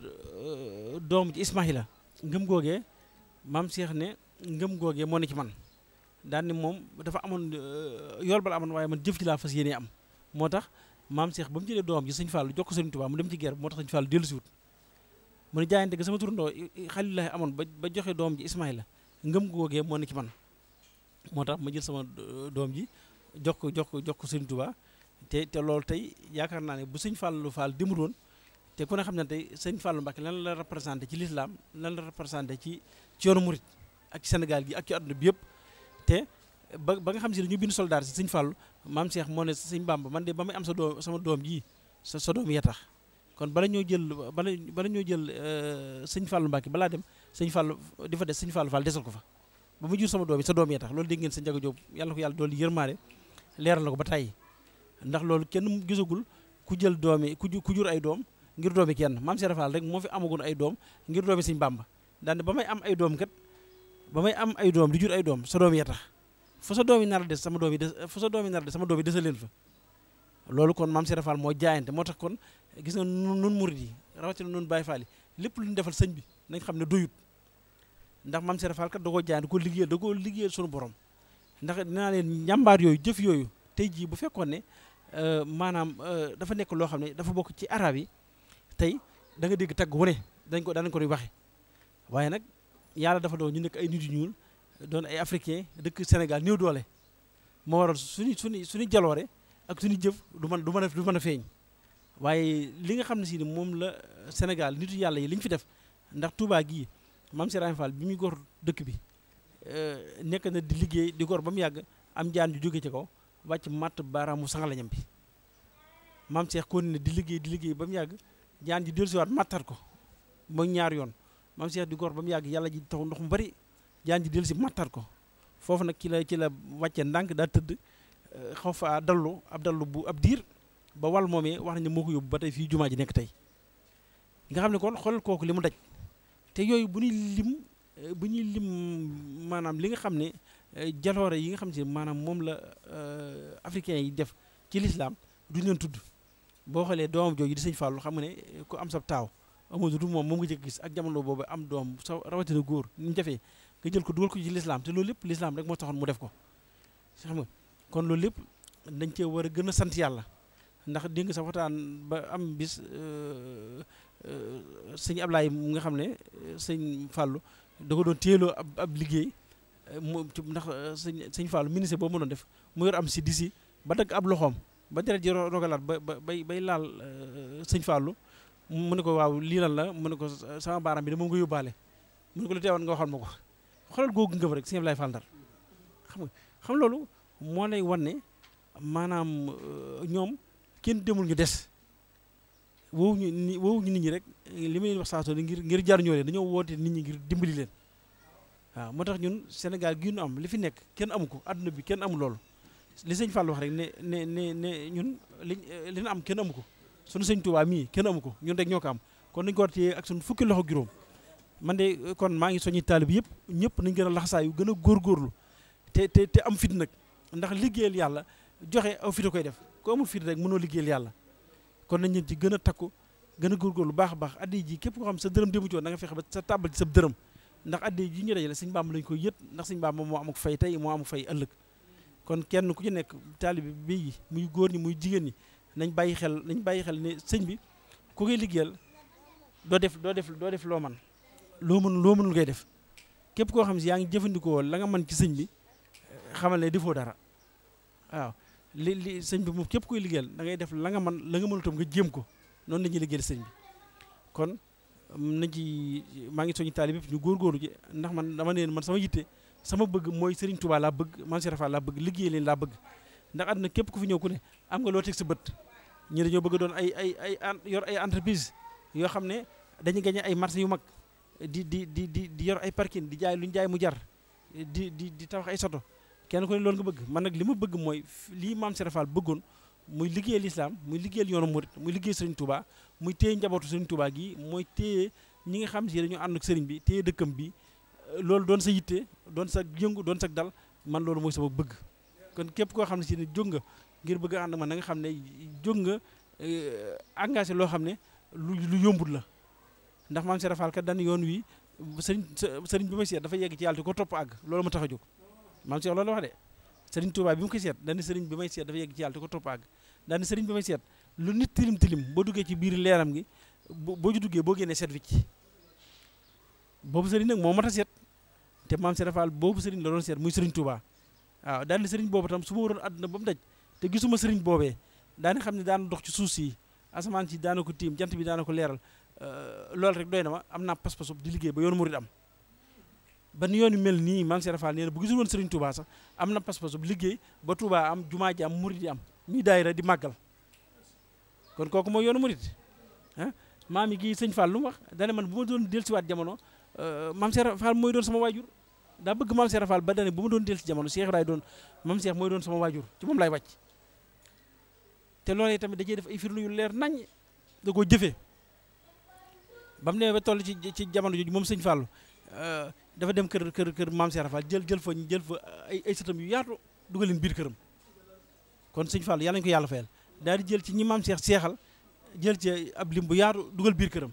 Speaker 9: eh, doom ji Ismaahila ngëm googee maam Seex ne ngëm googee moo ne ci man daan ni moom dafa amoon eh, yool bala amoon waaye man jëf ji laa fas yéenee am moo tax maam seex ba mu jëlee doom ji sëñ Fallou jox ko sëñ Touba mu dem ci guerre moo tax sëñ Fallou dellu si wut mu ne jaayante ga sama turandoo xalilaay amoon ba ba joxe doom ji Ismaïla ngëm googee moo ne ci man moo tax ma jël sama euh, doom ji jox ko jox ko jox ko sëñ Touba te te loolu tey yaakaar naa ne bu sëñ Fallou Fall demul woon te ku ne xam ne tey sëñ Fallou Mbacké lan la représenté ci lislaam lan la représenté ci ci yoonu murit ak ci Sénégal gi ak ci àdduna bi yëpp te ba ba nga xam si ne ñu bind soldat si sëñ Fallou maam Cheikh moo ne sëñ Bamba man de ba muy am sa doom sama doom ji sa sa doom tax kon bala ñoo jël bala bala ñoo jël euh, sëñ Fallou Mbacke dem sëñ Fallou di fa des sëñ Fallou ko fa ba mu jur sama doom sa doom ya tax loolu dégg ngeen sa njago yàlla ko yàlla dool yërmaale leeral na ko ba tey ndax loolu kenn gisagul ku jël doomi ku ku jur ay doom ngir doomi kenn maam Cheikh Fall rek moo fi amagoon ay doom ngir doomi sëñ Bamba ba may am ay doom kat ba may am ay doom du jur ay doom sa doom ya tax fa sa doom yi nar a des sama doom yi des fa sa doom yi nar a des sama doom yi desaleen fa loolu kon maam Serap Fall moo jaayante moo tax kon gis nga nun murid yi rawatina nun Baye Fall yi lépp lu ñu defal sëñ bi nañ xam ne doyut ndax maam Serap Fall kat da koo jaayante ko liggéeyal da koo liggéeyal sunu borom ndax dinaa leen njàmbaar yooyu jëf yooyu tey jii bu fekkoon ne euh, maanaam euh, dafa nekk loo xam ne dafa bokk ci arab yi tey da nga dégg tagg wu dañ ko daanañ ko di waxe waaye nag yàlla dafa doon ñu nekk ay nit yu ñuul doon ay africain dëkk Sénégal néew doole moo waral suñu suñu suñu jaloore ak suñu jëf du man du mën a du mën a feeñ waaye li nga xam ne si ni moom la Sénégal nitu yàlla yi liñ fi def ndax Touba gii maam Serigne Fall bi muy dëkk bi euh, nekk na di liggéey di gor ba mu yàgg am jaan ju jóge ci kaw wàcc màtt baaraamu sangalañam bi maam Cheikh kon na di liggéey di liggéey ba mu yàgg jaan ji dellusiwaat mattat ko mooy ñaar yoon maam Cheikh di gor ba mu yàgg yàlla ji taw ndox mu bari jaan ji dellu si mattar ko foofu nag ci la ci la wàcce ndànk daal tëdd euh, xaw fa dallu ab dallu bu ab diir ba wal moomee wax nañ ne moo ko yóbbu ba tey fii jumaa ji nekk tey nga xam ne kon xoolal kooku li mu daj te yooyu bu ñuy lim euh, bu ñuy lim maanaam li nga xam ne euh, jaloore yi nga xam ne maanaam moom la africain yi def ci lislaam duñ leen tudd boo xoolee doomam jooju di sëñ Fallou xam nga ne ku am sab taaw amul du moom moom nga jëkk gis ak jamono boobu am doom sa rawatina góor ñu jafee nga jël ko dugal ko ci lislaam te loolu lépp lislaam rek moo taxoon mu def ko xam nga kon loolu lépp dañ cee war a gën a sant yàlla ndax dégg nga sa waxtaan ba am bis euh, euh, sëñ Ablaye mu nga xam ne euh, sëñ Fallou da ko doon téeloo ab ab liggéey mu ndax sëñ sëñ Fallou ministre boobu mënoon def mu am si ba dagg ab loxoom ba deret ji ba ba bay bay laal sëñ Fallou mu ne ko waaw lii lan la mu ne ko sama baaraam bi dama ko yóbbaale mu ne ko lu teewoon nga waxal ma ko xoolal googu ngëm rek sëñ Ablaye Fall Ndar xam nga xam loolu moo lay wan ne maanaam euh, ñoom kenn demul ñu des woowu ñu ni woowu nit ñi rek li may wax saa ngir ngir jaar ñoo leen dañoo woote nit ñi ngir dimbali leen waaw moo tax ñun senegal gi ñu am li fi nekk kenn amu ko àdduna bi kenn amu loolu li sëñ Fall wax rek ne ne ne ne ñun liñ li ñu am kenn amu ko sunu sëñ Tuubaa mii kenn amu ko ñun rek ñoo ko am kon dañu ko war téye ak sunu fukki loxo juróom. man de euh, kon maa ngi soññi taalib yëpp ñëpp nañ gën a laxasaayu gën a góorgóorlu te te te am fit nag ndax liggéeyal yàlla joxe aw fit a koy def ku amul fit rek mënoo liggéeyal yàlla kon nañ leen ci gën a takku gën a góor góorgóorlu baax a baax addi ji képp ko xam sa dërëm dému ci woon da ba sa tàbbal ci sa dërëm ndax addi ji ñu dajale sëñ Bàmba lañ koy yët ndax baam Bàmba moo amuk fay tey moo amuk fay ëllëg kon kenn ku ci nekk taalib bi muy góor ñi muy jigéen ñi nañ bàyyi xel nañ bàyyi xel ne sëñ bi ku koy liggéeyal doo def doo def doo def loo man loo mën loo mënul koy def képp koo xam si yaa ngi jëfandikoo la nga mën ci sëñ bi xamal ne defoo dara waaw li li sëñ bi moom képp koy liggéeyal da ngay def la nga mën la nga mënul tam nga jéem ko noonu la ñuy liggéeyal sëñ bi kon um, nañ ci maa ngi soñu taalib yëpp ñu góorgóorlu ci ndax man dama neen man sama yitte sama bëgg mooy Serigne Touba laa bëgg man si Fall laa bëgg liggéey leen laa bëgg ndax na képp ku fi ñëw ku ne am nga loo teg sa bët ñu dañoo bëgg doon ay ay ay yor ay entreprise yoo xam ne dañuy gagné ay marché yu mag di di di di di yor ay parking di jaay lu ñu jaay mu jar di di di tabax ay soto kenn ku ne loolu nga bëgg man nag li ma bëgg mooy lii maam Serigne bëggoon muy liggéeyal islam muy liggéeyal yoonu murit muy liggéey Serigne Touba muy téye njabootu Serigne Touba gi mooy téye ñi nga xam si dañu ànd ak Serigne bi téye dëkkam bi loolu doon sa yitte doon sa yëngu doon sa dal man loolu mooy sama bëgg kon képp koo xam ne si jóg nga ngir bëgg ànd man na nga xam ne jóg nga eh, engagé loo xam ne lu lu yombul la. ndax maam Serap Fall kat daan yoon wi sëriñ sëriñ bi may seet dafa yegg ci yàlla di ko topp àgg loolu ma tax a jóg maam Serap loolu wax de bi mu ko seet daan sëriñ bi may seet dafa yegg ci ko topp daan sëriñ bi may seet lu nit tilim tilim boo duggee ci biir leeram gi boo ju duggee boo génnee seet wicc boobu sëriñ nag moo mat a seet te maam Serap Fall boobu sëriñ la doon seet muy sëriñ Touba waaw daan sëriñ boobu tam su ma waroon àdduna ba mu daj te gisuma sëriñ boobee daani xam ne daana dox ci suuf si asamaan si daana ko tiim jant bi daana ko leeral Euh, loolu rek doy na ma am naa pas-pasu di liggéey ba yoonu murid am ban yoon yu mel nii maam Cheikh faal nee na bu gisul woon Serigne Touba sax am na pas-pasu liggéey ba Touba am jumaa ji am murid yi am ñuy daayira di màggal kon kooku mooy yoonu murid ah maam yi sëñ Fall lu mu wax dane man bu ma doon dellusiwaat jamono euh, maam Cheikh Fall mooy doon sama waajur daa bëgg maam Cheikh Fall ba dane bu ma doon dellusi jamono seex laay doon maam Cheikh mooy doon sama waajur ci moom lay wàcc te loolee tamit da def ay firnde yu leer naññ da koo jëfee. bam mu ne ba toll ci ci jamono jooju moom sëñ Fallou euh, dafa dem kër kër kër maam Serap Fall jël jël fa jël fa ay ay sëtam yu yaatu dugal leen biir këram kon sëñ Fallou yàlla ñu ko yàlla fayal daal di jël ci ñi maam Seex seexal jël ci ab lim bu yaatu dugal biir këram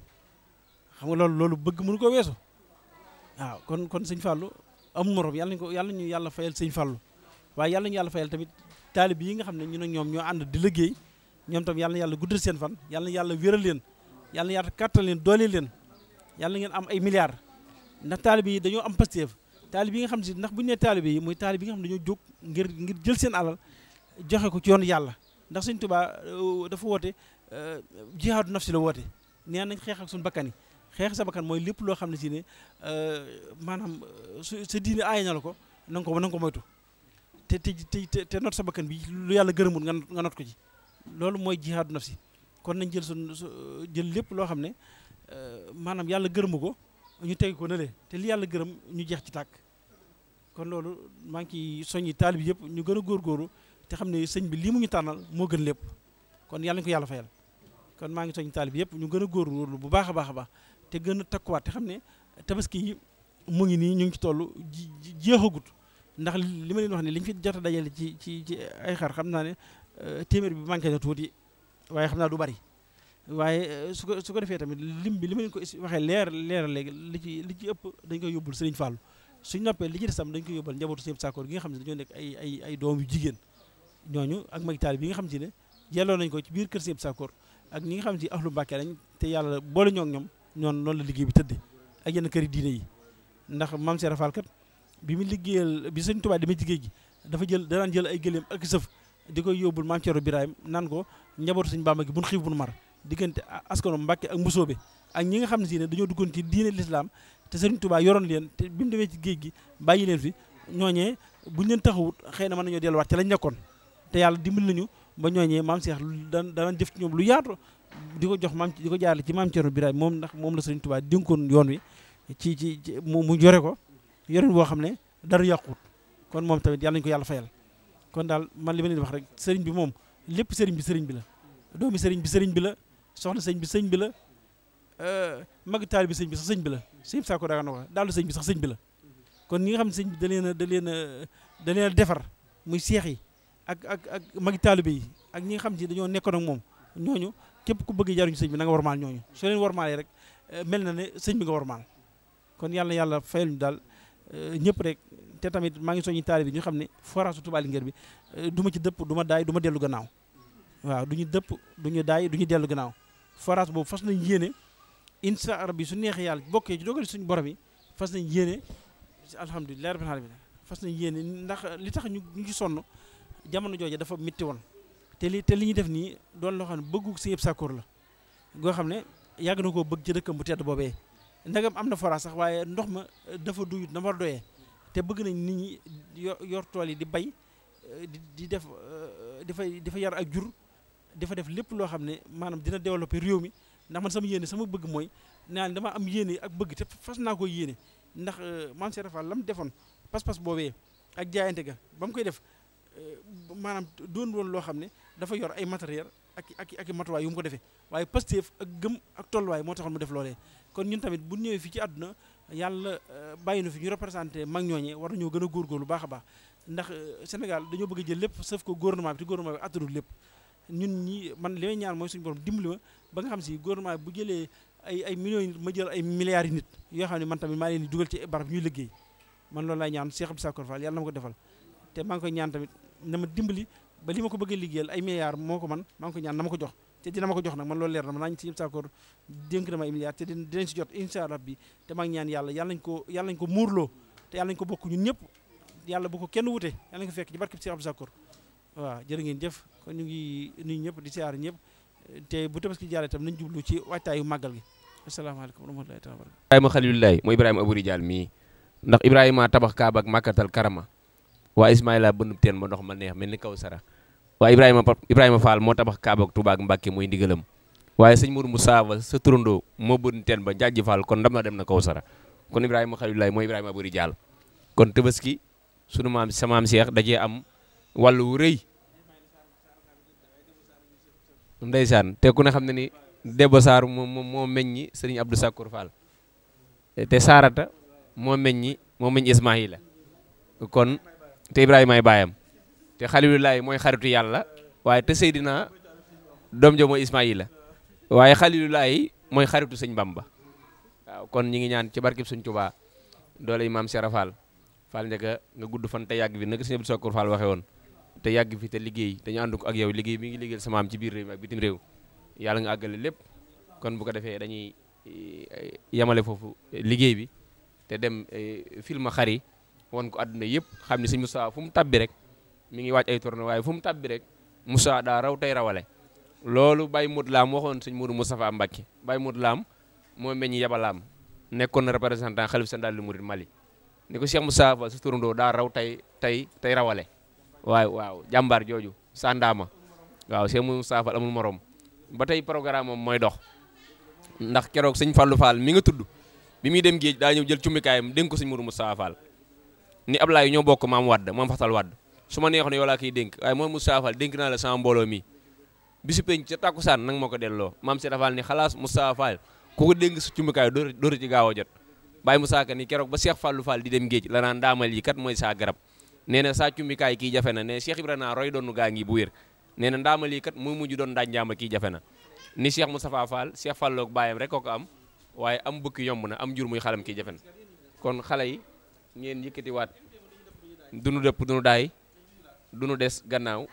Speaker 9: xam nga loolu loolu bëgg mënu ko weesu waaw kon kon sëñ Fallou amul morom yàlla ñu ko yàlla ñu yàlla fayal sëñ Fallou waaye yàlla ñu yàlla fayal tamit taalib yi nga xam ne ñu ne ñoom ñoo ànd di liggéey ñoom tam yàlla na yàlla guddal seen fan yàlla na yàlla wéral leen yàlla yaatu kàttan leen doole leen yàlla ngeen am ay milliards ndax taalibe yi dañoo am pasteef taalibe yi nga xam si ndax bu ñu nee taalibe yi mooy taalibe yi nga xam dañoo jóg ngir ngir jël seen alal joxe ko ci yoonu yàlla ndax Sëñ Tuubaa euh, dafa woote euh, jihaadu nafsi la woote neen nañ xeex ak suñu bakkan yi xeex sa bakkan mooy lépp loo xam ne si ne euh, maanaam su sa diine aay na ko na nga ko na ko moytu te te te te not sa bakkan bi yàlla gërëmul nga not ko ci loolu mooy jihaadu nafsi kon nañ jël sun jël lépp loo xam ne euh, maanaam yàlla gërëmu ko ñu teg ko le te li yàlla gërëm ñu jeex ci tàkk kon loolu maa ngi ciy soññi taalib yëpp ñu gën a góorgóorlu te xam ne sëñ bi lii mu ñu tànnal moo gën lépp kon yàlla ñu yàlla fayal kon maa ngi soññi taalib yëpp ñu gën a góorgóorlu bu baax a baax te gën a takkuwaat te xam ne tabaski mu ngi nii ñu ngi ci toll jeexagut ndax li ma leen wax ne liñ fi jot a dajale ci ci ay xar xam naa ne euh, téeméer bi manqué na tuuti waaye xam naa du bari waaye eh, su ko su ko defee tamit lim bi li ma leen ko waxee leer leer léegi li ci li ci ëpp dañ koy yóbbul Serigne Fallou suñ noppee li ci sam dañ koy yóbbal njabootu Serigne Sakkoor nga xam ne dañoo nekk ay ay ay doom yu jigéen ñooñu ak mag taal bi nga xam ne yelloo nañ ko ci biir kër Serigne Sakkoor ak ñi nga xam ne ahlu Mbàkke lañ te yàlla boole ñoo ñoom noonu noonu la liggéey bi tëddee ak yenn këri diine yi ndax maam Seera Fall kat bi mu liggéeyal bi Serigne Touba demee ci géej dafa jël danaan jël ay gëléem ak sëf di koy yóbbul maam Thierno Birahim nan ko njabootu suñ Bàmba gi buñ xiif buñ mar diggante askanu Mbàkke ak Mbusoobe ak ñi nga xam ne si ne dañoo duggoon ci diine lislaam te yoroon leen te bi mu demee ci géej gi bàyyi leen fi ñooñee buñ leen taxawut xëy na mën nañoo delluwaat ci lañ nekkoon te yàlla dimbali nañu ba ñooñee maam Cheikh daan daan jëf ci ñoom lu yaatu di ko jox maam di ko jaarale ci maam Thierno Birahim moom ndax moom la Sëriñ Tuubaa dénkoon yoon wi ci ci mu jore ko yoreen boo xam ne dara yàquut kon moom tamit yàlla nañu ko yàlla fayal kon daal man li ma leen wax rek sëriñ bi moom lépp sëriñ bi sëriñ bi la doomi sëriñ bi sëriñ bi la soxna sëñ bi sëñ bi la euh, magi taal bi sëñ bi sax sëñ bi la sëñ saako daa na wax sëñ bi sax sëñ bi la kon ñi nga xam sëñ bi da leen da leen a defar muy seex ak ak ak magi taalibe yi ak ñi nga xam ne dañoo nekkoon ak moom ñooñu képp ku bëgg jaruñu sëñ bi na nga warmaal ñooñu soo leen warmaalee rek euh, mel na ne sëñ bi nga warmaal kon yàlla yàlla fayal ñu daal Euh, ñëpp rek te tamit maa ngi soññi taali bi ñu xam ne forage su Touba Linguère bi euh, du ma ci dëpp du ma daay duma dellu gannaaw waaw du ñu dëpp du ñu daay du ñu dellu gannaaw forage boobu fas nañ yéene incha allah bi su neexee yàlla bokkee ci dogal suñu borom yi fas nañ yéene alhamdulilah rabbil alamin fas nañ yéene ndax li tax ñu ñu ci sonn jamono jooje dafa métti woon te li te li ñu def nii doon loo xam ne bëggu si yëpp sàkkoor la goo xam ne yàgg na koo bëgg ci dëkkam bu tedd boobee ndagam am na forage sax waaye ndox ma euh, dafa duyut na war doyee te bëgg nañ nit ñi yor tool yi di bay euh, di def euh, di fay di yar ak jur di def lépp loo xam ne maanaam dina développer réew mi ndax man sama yéene sama bëgg mooy naan dama am yéene ak bëgg te fas naa ko yéene ndax maam Cheikh Fall la mu defoon pas-pas boobee ak jaayante ga ba mu koy def maanaam doon woon loo xam ne dafa yor ay matériel ak ak ak matuwaay yu mu ko defee waaye Pastef ak gëm ak tolluwaay moo taxoon mu def kon ñun tamit bu ñëwee fii ci àdduna yàlla euh, bàyyi na fi ñu représenté mag ñooñee war nañoo gën a góorgóorlu baax a baax ndax euh, Sénégal dañoo bëgg jël lépp sauf ko gouvernement bi te gouvernement lépp ñun ñi man li ñaan mooy suñu borom dimbali ma ba nga xam si gouvernement bu jëlee ay ay millions ma jël ay milliards yi yoo xam ne man tamit maa leen di dugal ci barab ñuy liggéey man loolu laay ñaan Cheikh Abdou Sakor yal yàlla na ma ko defal te maa ngi koy ñaan tamit na ma dimbali ba li ma ko bëggee a liggéeyal ay milliards moo ko man maa ngi ko ñaan na ko jox te dina ma ko jox nag man loolu leer na ma naa ñu si yëpp saakoor dénk na ma ay milliards jot incha allah bi te maa ñaan yàlla yàlla nañ ko yàlla nañ ko muurloo te yalla nañ ko bokk ñun ñëpp yàlla bu ko kenn wute yàlla nañ ko fekk ci barkeb si Abdou Sakor waaw jërë ngeen jëf kon ñu ngi nuyu ñëpp di siyaar ñëpp te bu tabaski jàllee tam nañ jublu ci waajtaayu màggal gi asalaamaaleykum wa rahmatullahi taala wa barakatu
Speaker 2: ibrahima xalilulaay mooy ibrahima abou rijal mii ndax ibrahima tabax kaaba ak màkkatal karama waa Ismaïla bënn teen ba ndox ma neex mel ni kaw sara waa Ibrahima Ibrahima Fall moo tabax Kaaba ak Touba ak Mbàkke mooy ndigalam waaye sañ Mourou Moussa saaba sa turandoo moo bënn teen ba jaaji Fall kon ndam la dem na kaw sara kon Ibrahima Xaliilulaay mooy Ibrahima bëri jaal kon Tabaski sunu maam sa maam Cheikh da cee am wàllu wu rëy ndeysaan te ku ne xam ne ni Debbo Saar moo moo meññi sëriñ Abdou Sakour Fall te Saarata moo meññi moo meññi Ismaïla kon te Ibrahima baayam te xalilullahi mooy xaritu yàlla waaye te Seydina doom jo mooy Ismaayila waaye xalilullahi mooy xaritu sëñ Bamba waaw kon ñi ngi ñaan ci barkib sëñ Tuubaa doole yi maam Sera Fall Fall njëkka nga gudd fan te yàgg fi naka sëñ soo ko Fall waxe woon te yàgg fi te liggéey te ñu ànd ko ak yow liggéey bi ngi liggéeyal sa maam ci biir réew mi ak bitim réew yàlla nga àggale lépp kon bu ko defee dañuy eh, yemale foofu eh, liggéey bi te dem eh, film won ko àdduna yëpp xam ne sëñ Moussa fu mu tabbi rek mi ngi waaj ay tournée waaye fu mu tabbi rek Moussa daa raw tey rawale loolu Baye Modou Lam waxoon sëñ Modou Moustapha Mbacké bay mut laam moo meññ yabalaam nekkoon na représentant xalif général des mourides Mali ni ko Cheikh Moussa Fa su turandoo daa raw tey tey tey rawale waaye waaw jàmbaar jooju sàndaama waaw Cheikh Moussa Fall amul moroom ba tey programme am mooy dox ndax keroog sëñ Fallou faal mi nga tudd bi muy dem géej daa ñëw jël cummikaayam dénk ko sëñ Modou Moustapha Fall ni Ablaye ñoo bokk maam Wade maam Fatal Wade su ma neexoon yow laa koy dénk waaye mooy Moustapha Fall dénk naa la sama mbooloo mi bisu penc ca tàkkusaan nanga ma ko delloo maam Sera Fall ni xalaas Moustapha Fall ku ko dénk sa cumbukaay dóor dóor ci gaaw a jot bàyyi Moussa Ka ni keroog ba Cheikh Fallou Fall di dem géej la naan daamal yi kat mooy saa garab nee na saa cumbikaay kii jafe na ne Cheikh Ibrahima roy doonu gaa ngi bu wér nee na ndaamal yi kat mooy mujj doon daañ jaama kii jafe na ni Cheikh Moustapha Fall Cheikh Falloog baayam rek ko am waaye am bëkk yomb na am jur muy xalam kii jafe na kon xale yi ngeen yëkkatiwaat du nu dëpp du nu daay du nu des gannaaw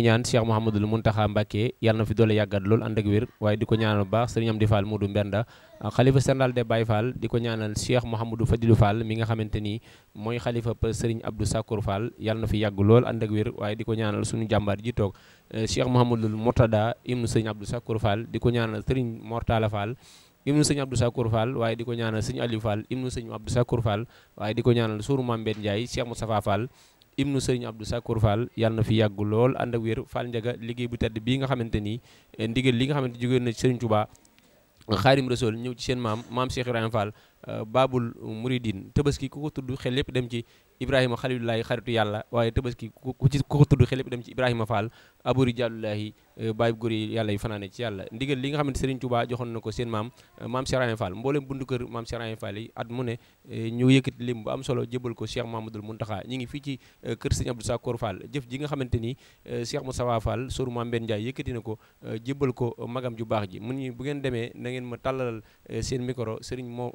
Speaker 2: ngi ñaan Cheikh Mouhamadul Mountakha Mbacké yàlla na fi doole yàggat lool ànd ak wér waaye di ko ñaanal bu baax sëriñ Amdi Fall Modou Mbenda xalifa na fi yàgg lool ànd ak wér waaye di ko ñaanal suñu jàmbaar ji toog euh, Cheikh Mouhamadul Mourtada ibnu sëriñ Abdou Sakour Fall di ko ñaanal sëriñ Mortala Fall ibnu sëñ Abdou Sakour Fall waaye di ko ñaanal sëñ Aliou Fall ibnu sëñ Abdou Sakour Fall waaye di ko ñaanal suuru Mame ibnu sëriñ Abdou Sakour Fall yàlla na fi yàgg lool ànd ak wér Fall Ndiaga liggéey bu tedd bii nga xamante ni eh, ndigal li nga xamante jógee na ci sëriñ Touba xaarim rasool ñëw ci seen maam maam Cheikh Ibrahima Fall eh, Babul Mouridine tabaski ku ko tudd xel lépp dem ci Ibrahima Xalilulaay xaritu yàlla waaye tabaski ku ci ko tudd xel lépp dem ci Ibrahima Fall abori jàllulaahi euh, bàyyi góor yi yàlla yi fanaane ci yàlla ndigal li nga xamante Serigne Touba joxoon na ko seen maam euh, maam Cheikh Rahim Fall mboolem bundu kër maam Cheikh Rahim Fall yi at mu ne euh, ñu yëkkati lim bu am solo jébal ko Cheikh Mamadou Mountakha ñi na ko jébal ko magam ju baax ji mu ñu bu ngeen demee na ngeen ma tàllalal seen micro Serigne moo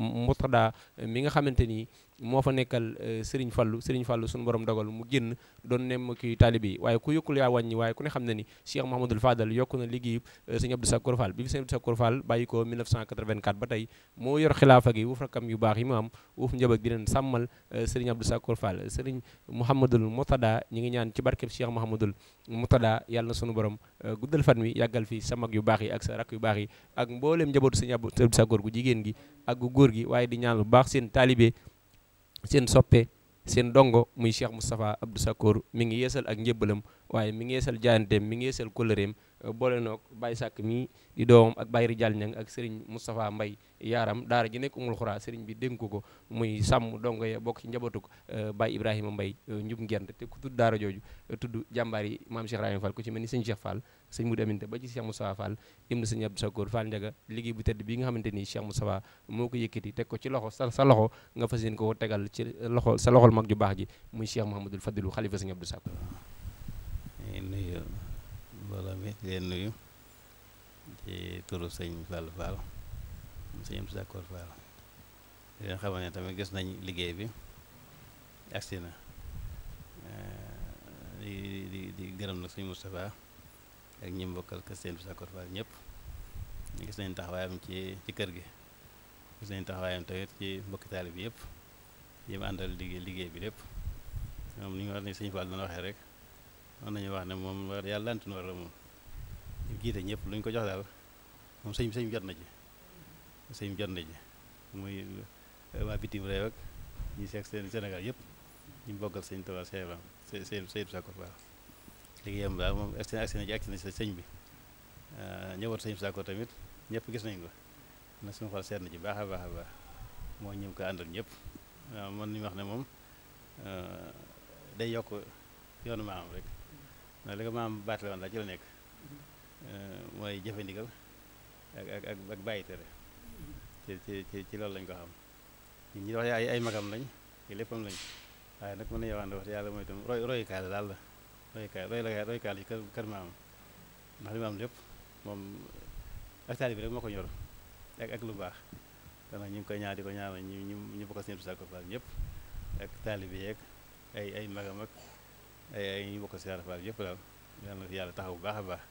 Speaker 2: Moutada mi nga xamante ni moo fa nekkal seriñ Fallou Serigne Fallou suñu borom dogal mu génn doon nemm ki taalibe waaye ku yëkkul yaa wàññi waaye ku ne xam ne ni Cheikh Mouhamadul Fadal yokku na liggéey euh, sëñ Abdou Sakour Fall bi fi sëñ Abdou Sakour Fall bàyyi ko 1984 ba tey moo yor xilaafa gi wuuf rakam yu baax yi mu am wuuf njëbëg di leen sàmmal euh, sëriñ Abdou Sakour Fall sëriñ Mouhamadul Moutada ñi ngi ñaan ci barkeb Cheikh Mouhamadul Moutada yàlla na sunu borom euh, guddal fan wi yàggal fi sa mag yu baax yi ak sa rakk yu baax yi ak mbooleem njabootu sëñ Abdou Sakour gu gu góor seen dongo muy Cheikh Moustapha Abdou Sakkour mi ngi yeesal ak njëbbalam waaye mi ngi yeesal jaayanteem mi ngi yeesal kóllëreem Euh, boole noog Baye Sàkk mii di doomam ak Baye Rijal Ñang ak Serigne Moustapha Mbay yaaram daara ji nekk umul xuraa Serigne bi dénk ko muy sàmm dongo ya bokk ci njabootug euh, Baye Ibrahima Mbay euh, njub ngent te ku tudd daara jooju tudd jàmbaar yi maam Cheikh Rahim Fall ku ci mel ni sëñ Cheikh Fall sëñ Mudu Aminte ba ci Cheikh Moustapha Fall ibnu sëñ Abdou Sakoor Fall Njaga liggéey bu tedd bi nga xamante ni Cheikh Moustapha moo ko yëkkati teg ko ci loxo sa sa loxo nga fas yéene ko tegal ci loxo sa loxol mag ju baax ji muy Cheikh Mouhamadul Fadilu xalifa sëñ Abdou Sakoor
Speaker 1: mbooloo mi leen nuyu ci turu sëñ Fall Fall sëñ Amsa Sakkoor Fall di leen xamal ne tamit gis nañ liggéey bi agsi na di di di gërëm nag sëñ Moustapha ak ñi mbokkal kër sëñ Amsa Sakkoor Fall ñëpp gis nañ taxawaayam ci ci kër gi gis nañ taxawaayam tamit ci mbokki taalib bi yëpp àndal liggéey liggéey bi lépp moom ni ñu wax ni sëñ Fall dana waxee rek mën nañu wax ne moom war yàlla lanti noor la moom jiite ñëpp lu ñu ko jox daal moom sëñ sëñ jot na ci sëñ jot na ji muy euh, waa bitim réew ak ñi seeg seen Sénégal yëpp ñu bokkal sëñ Tuubaa Seydou Seydou Sakor Fall liggéeyam daal moom agsi na ci na ci sëñ bi ñëwoon euh, sëñ Sakor tamit ñëpp gis nañ ko na suñu xol seet na ci baax a baax a baax moo ñëw ko àndal ñëpp waaw mën nañu wax ne moom euh, day yokk yoonu maam rek ndax li ko maam baatale woon la ci la nekk eh, mooy jëfe ndigal ak ak ak ak bàyyi tere ci ci ci loolu lañ ko xam ñun ñi wax ay ay magam lañ ci léppam lañ waaye nag mën na yowaan wax yàlla mooy tam roy royukaay la daal la royukaay royukaay royukaay la ci kër kër maam ndax li lépp moom bi rek moo ko ñor ak lu baax kon ñu ngi koy ñaar di ko ñaanal ñu ñu ñu bokk seen bisaab ko ñëpp ak taali bi yeeg ay ay magam ak. ay ay ñu bokk si Daara Fall yëpp daal yal yàlla taxaw bu baax a baax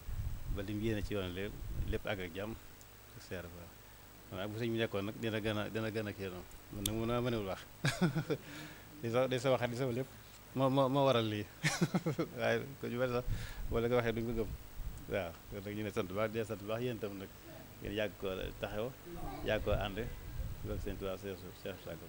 Speaker 1: ba li mu yéene ci yoon lépp lépp ak jàmm ak si Daara Fall waaw bu sëñ bi nekkoon nag dina gën a dina gën a kii noonu man nag mun a mënewul wax di sa di sa waxaat di lépp moo moo moo waral lii waaye ko ñu bari sax wala nga waxee duñ ko gëm waaw kon ñu ne sant bu baax di sant bu baax nag ngeen yàgg ko taxaw yàgg koo ànd loolu seen tubaab seer seer sàkko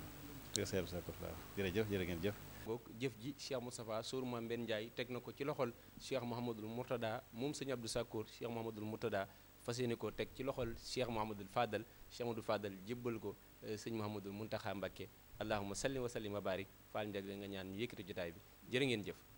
Speaker 1: seer sàkko jërëjëf jërë ngeen jëf
Speaker 2: ngoog jëf ji Cheikh Moustapha Sour Mame Mbène Ndiaye teg na ko ci loxol Cheikh Mouhamadul Mourtada moom sëñ Abdou Sakkour Cheikh Mouhamadul Mourtada fas yéene koo teg ci loxol Cheikh Mouhamadul Fadal Cheikh Mouhamadul Fadal jébbal ko euh, sëñ Mouhamadul Mountakha Mbacké allahumma salli wa sallim wa barik faal njag nga ñaan ñu yëkkati jotaay bi jërë ngeen jëf